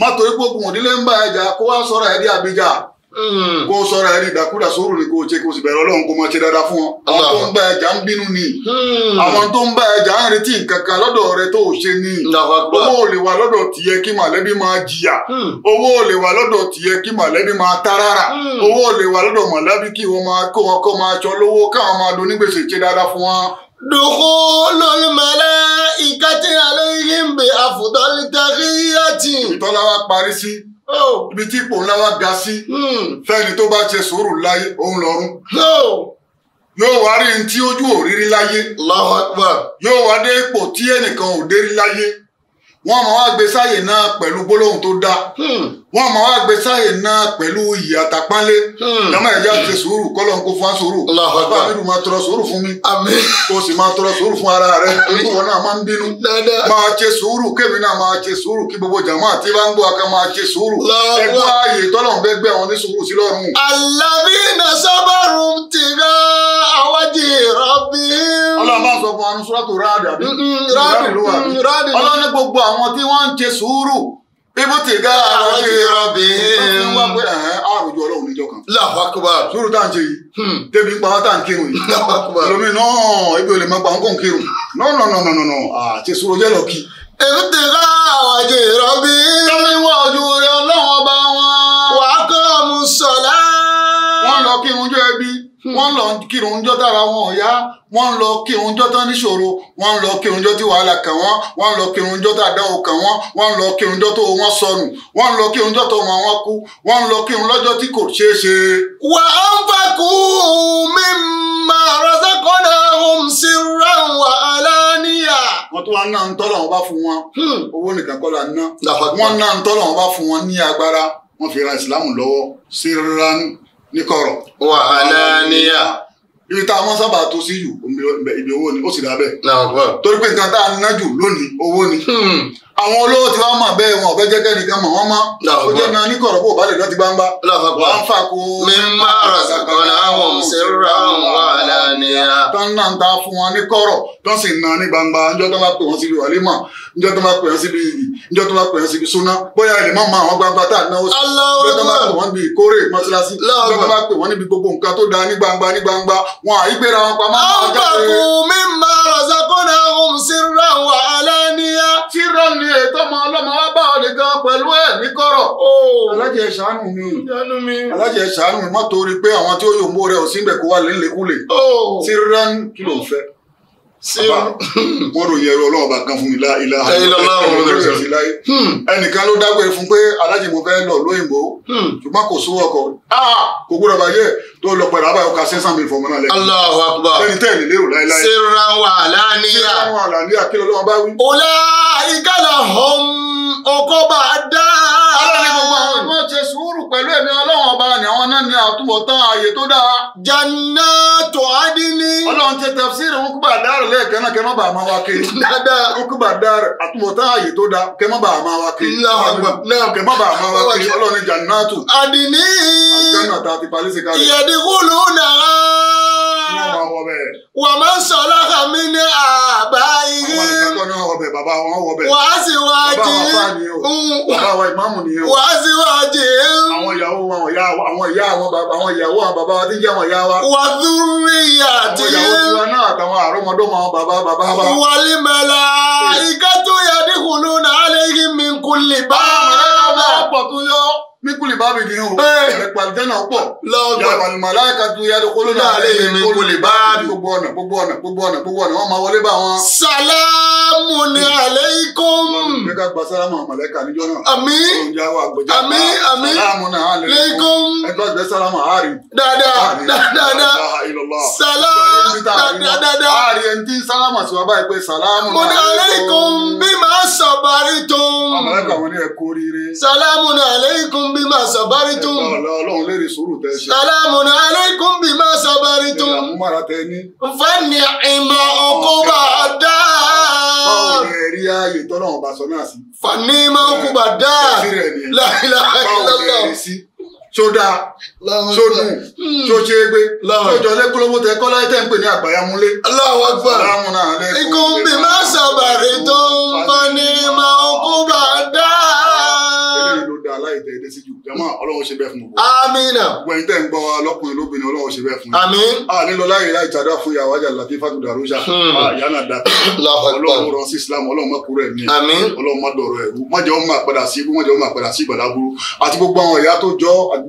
mọ́tò ikú gun òdílé ń bá ẹja kó wá sọ̀rọ̀ ẹ̀ Mm. kó sọra ẹ̀rí ìdákúdà sóòrò ni kó o ṣe kó o sì bẹ̀rẹ̀ ọlọ́run kó o máa ṣe dáadáa fún wọn. àwọn tó ń bá ẹja ń bínú ni mm. àwọn tó ń bá ẹja ń retí nǹkan kan lọ́dọ̀ rẹ tó o ṣe ni owó ò lè wà lọ́dọ̀ tìyẹ kí màlẹ́bí máa jìyà mm. owó ò lè wà lọ́dọ̀ tìyẹ kí màlẹ́bí máa tárárà owó ò lè wà lọ́dọ̀ màlẹ́bí kí wọ́n máa kó wọn kọ́ máa ṣọ lówó káwọn máa do nígbèsè ṣe dáadáa fún wọn. dukhulul malaikati alayhim bi afdal tahiyyati. ìtọ́lá wa parí sí ibi tí ipò ńlá wa ga sí hmm. fẹ́ni tó bá ṣe sùúrù láyé òun lọ́rùn yóò wá rí ní tí ojú òrírí láyé yóò wá dé ipò tí ẹnìkan ò dé rí láyé wọ́n máa wá gbé sáyè náà pẹ̀lú gbólóhùn tó dáa. Hmm wọ́n máa wá gbé sáyè náà pẹ̀lú iyì àtàpánlé lọ́mọ ẹ̀yà ti sùúrù kọ́lọ́n kó fún sùúrù bá mi dùn máa tọrọ sùúrù fún mi kó sì máa tọrọ sùúrù fún ara rẹ ìwọ náà máa ń bínú máa ṣe sùúrù kémi náà máa ṣe sùúrù kí gbogbo jàmọ́ àti bá ń bọ̀ aká máa ṣe sùúrù ẹgbẹ́ ààyè tọ́lọ̀ ń bẹ́ gbé àwọn oníṣòwò sí lọ́rùn. alábí iná sábàrù ti rá àwájì rọ́bì. ọlọ́run bá sọ fún ibùtìgá àwọn ìrọ̀bì. wọ́n fi wá pé àròjọ ọlọ́run níjọ kan. làwákùbà. sùúrù tá à ń ṣe yìí. Hmm. débi pa tá à ń kírun yìí. àti sùúrù jẹ́ lọ́kì. ibùtìgá àwọn ìrọ̀bì. wọ́n fi wá ojú rẹ ọlọ́run ọba kọ́ ọmú Hmm. wọ́n lọ kírun jọ́ dára wọn ọ̀yá wọ́n lọ kírun jọ́ tán níṣòro wọ́n lọ kírun jọ́ tí wàhálà kàn wọ́n wọ́n lọ kírun jọ́ tá àdáwò kàn wọ́n wọ́n lọ kírun jọ́ tó wọ́n sọnù wọ́n lọ kírun jọ́ tó mọ̀ wọ́n kú wọ́n lọ kírun lọ́jọ́ tí kò ṣeé ṣe. wà á ń fakú mi máa razaqna hum sirran wa alaniya. wọ́n tún wá ná ń tọ́lọ̀ wọn bá fún wọn hmm. owó nìkan kọ́ la ná wọ́n ná ń tọ́lọ̀ wọn bá fún wọn ní agbára wọ́n fi ra ìsìlámù lọ́wọ́ sirran ní kọ̀rọ̀. wàhálà níyà. ibi tá a mọ sábà tó sí jù ibi owó ni ó sì dábẹ́. torí pé nǹkan tá a ná jù lónìí owó ni. Hmm àwọn olówó ti wá mọ̀ bẹ́ẹ̀ wọn ọ̀bẹ jẹ́kẹ́ nìkan mọ̀ wọ́n mọ́ ó jẹ́ náà ní kọ̀rọ̀ bó bá lè lọ́ti gbangba wà á fà kó. mi máa rà sàkànnà àwọn òṣèrà wà lánìá. tán náà ń ta fún wọn ní tán sì náà ní gbangba njọ́ tó bá pè wọ́n síbi wàlímọ̀ njọ́ tó bá pè wọ́n síbi iyì njọ́ tó bá pè wọ́n síbi súná bóyá ilé mọ́ máa wọn gbangba tá a náwó sí njọ́ tó bá pè wọ́n bíi kórè mọ́ṣáláṣí njọ́ tó bá pè wọ́n níbi gbogbo nǹkan tó dáa ní gbangba ní gbangba wọn àyígbéra wọn ni ètò ọmọ ọlọ́mọ wá bá ọ nìkan pẹ̀lú ẹ̀ ní kọ̀rọ̀. alájẹ ṣàánú mi alájẹ ṣàánú mi mọ́tò rí pé àwọn tí ó yòǹbó rẹ̀ ò sí ń bẹ̀ kó wà lélẹ́kúlẹ̀ síríran kí ló fẹ́ ṣé wọ́n ròyìn ẹ̀rọ ọlọ́run bá kan fún mi láì láì ẹnìkan ló dágbére fún pé alájì fẹ́ lọ lóyìnbó hmm. ṣùgbọ́n kò sówó ọkọ̀ ah, kò gbọ́dọ̀ bàjẹ́ tó lọ padà abáyọ ká sẹ́sàn mi fọmọ lẹ́yìn. Allahu Akbar lẹ́yìn tẹ́ ẹ̀mí lérò láéláé. sèrà wà láníyà sèrà kí lọ́wọ́ bá wí. ọ̀la ìkàlà pẹ̀lú ẹ̀mí ọlọ́run ọba ni àwọn náà ní àtúbọ̀tán ààyè tó dáa. jannatu adini. ọlọ́run ti tafsir ukuba dar lẹ́ẹ̀kan náà kẹ́mọ́ bàá máa wá kiri. dáadáa ukuba dar àtúbọ̀tán ààyè tó dáa kẹ́mọ́ bàá máa wá kiri. náà kẹ́mọ́ bàá máa wá kiri ọlọ́run jannatu. adini. àti jannatu àti palisi kalẹ̀. ìyẹ̀dí kúlù náà wà má sọ lọ́kà mi ní àbá yìí. àwọn akẹ́kọ̀ọ́ ni wọ́n wọ bẹ̀ bàbá wọn wọ bẹ̀. wàá sì wá jì í. bàbá wa ìmáàmù nìyẹn o. wàá sì wá jì í. àwọn ìyàwó wọn ìyá àwọn ìyá àwọn bàbá àwọn ìyàwó àwọn bàbá wa ti jẹ́ àwọn ìyá wa. wà á tún rí ìyá tí. àwọn ìyàwó tiwa náà àtàwọn àrọ́mọdọ́mọ àwọn bàbá bàbá wa. wàlí mẹ́la ìkẹ́tù yẹ mikuli baabi ni o ẹgbàdánà pọ̀ yàwọn màláìka tún yàrá kóló náà lè yẹ mikuli baabi gbogbo ọ̀nà gbogbo ọ̀nà gbogbo ọ̀nà gbogbo ọ̀nà wọn máa wọlé bá wọn. salamu ni aleikum. bẹ́ẹ̀ ká gba salamu àmàlẹ́ka níjọ́ náà. àmì àmì àmì salamu na aleikum. ẹgbẹ́ ọ̀gbẹ́ salamu àárí. dáadáa dáadáa salamu dáadáa. àárí ẹni tí salamu àti wàá báyìí salamu na aleikum. mo ní aleikum bí màá sọ̀bàrí tó. àmàlẹ́ka wọn ni ẹ kórìíre. salamu na aleikum bí máa sàbárí tún. ọlọ́run lè rí sùúrù tẹ́ ṣe. sàlámù aláìkún bí máa sàbárí tún. ìlàmúmára tẹ ní. fẹ́ni ìmọ̀ ọkọ̀ bá dá. báwo ni ẹ̀rí ààyè tọ́lọ́run bá sọ náà sí. fani máa ń bá dá. láìláìlá. báwo ni ẹ̀rí sí tó dáa tó dùn tó hmm. tẹ kọ́lá tẹ̀ ń pè ní àgbáyámúlé. aláwọ̀ gbà láwọn náà bí má sábàárẹ̀ tó fani máa ń bá dá tẹ ẹdẹ síjú jama Ọlọ́run ṣe bẹ́ẹ̀ fún gbogbo. amina. gbẹ̀yìn tẹ̀ ń gbọ́ wa lóbìnrin Ọlọ́run ṣe bẹ́ẹ̀ fún. àmín. a nílò láyé láì jàdá fún yàrá wájà láti fàtúndà rúṣà. yàrá dà Ọlọ́run rọ sí Islam Ọlọ́run má kúrò ẹ̀mí. àmín. Ọlọ́run má dọ̀rọ̀ ẹ̀rú má ọmọ àpàdà sí ibú má ọmọ àpàdà sí ìbàdàbúrú àti gbogbo àwọn ìyá tó jọ àti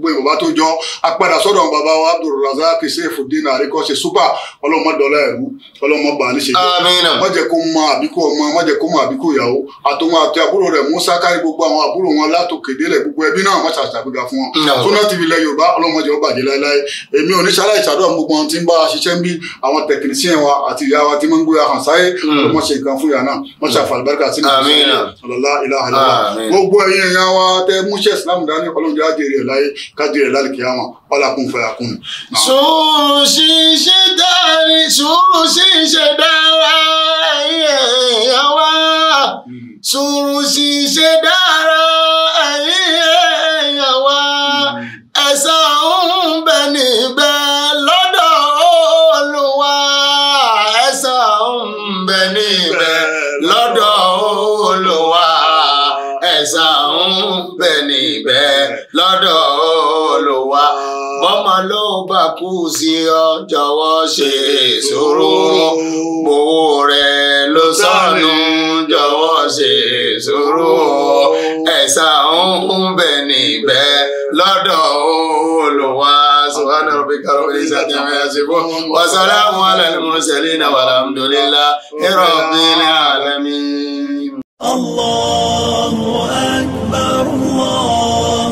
gbogbo ẹbí náà wọ́n ṣàṣàgbéga fún wọn. Sunna TV ilẹ̀ Yorùbá ọlọ́mọdé ó bàjẹ́ láéláé èmi ò ní ṣáláì ṣàdúrà gbogbo wọn ti ń bá a ṣiṣẹ́ ń bí àwọn tẹkinisíyàn wa àti ìyá wa ti máa ń gbé ahàn sáyé wọ́n hmm. ṣe nǹkan fún ìyá náà wọn ọlákùn fẹ́ àkùn. sùúrù ṣíṣe dárí sùúrù ṣíṣe dára ẹ̀yẹ̀ ẹ̀yà wa sùúrù hmm. bẹ níbẹ̀ lọ́dọ̀ Olúwa bọ́mọ ló bá kú sí ọ jọ̀wọ́ ṣe sùúrù gbowó rẹ ló sọnù jọ̀wọ́ ṣe sùúrù ẹ̀sà ń bẹ níbẹ̀ lọ́dọ̀ Olúwa subhana rabbika rabbil izzati amma wa salamun alal mursalin walhamdulillahi rabbil الله أكبر الله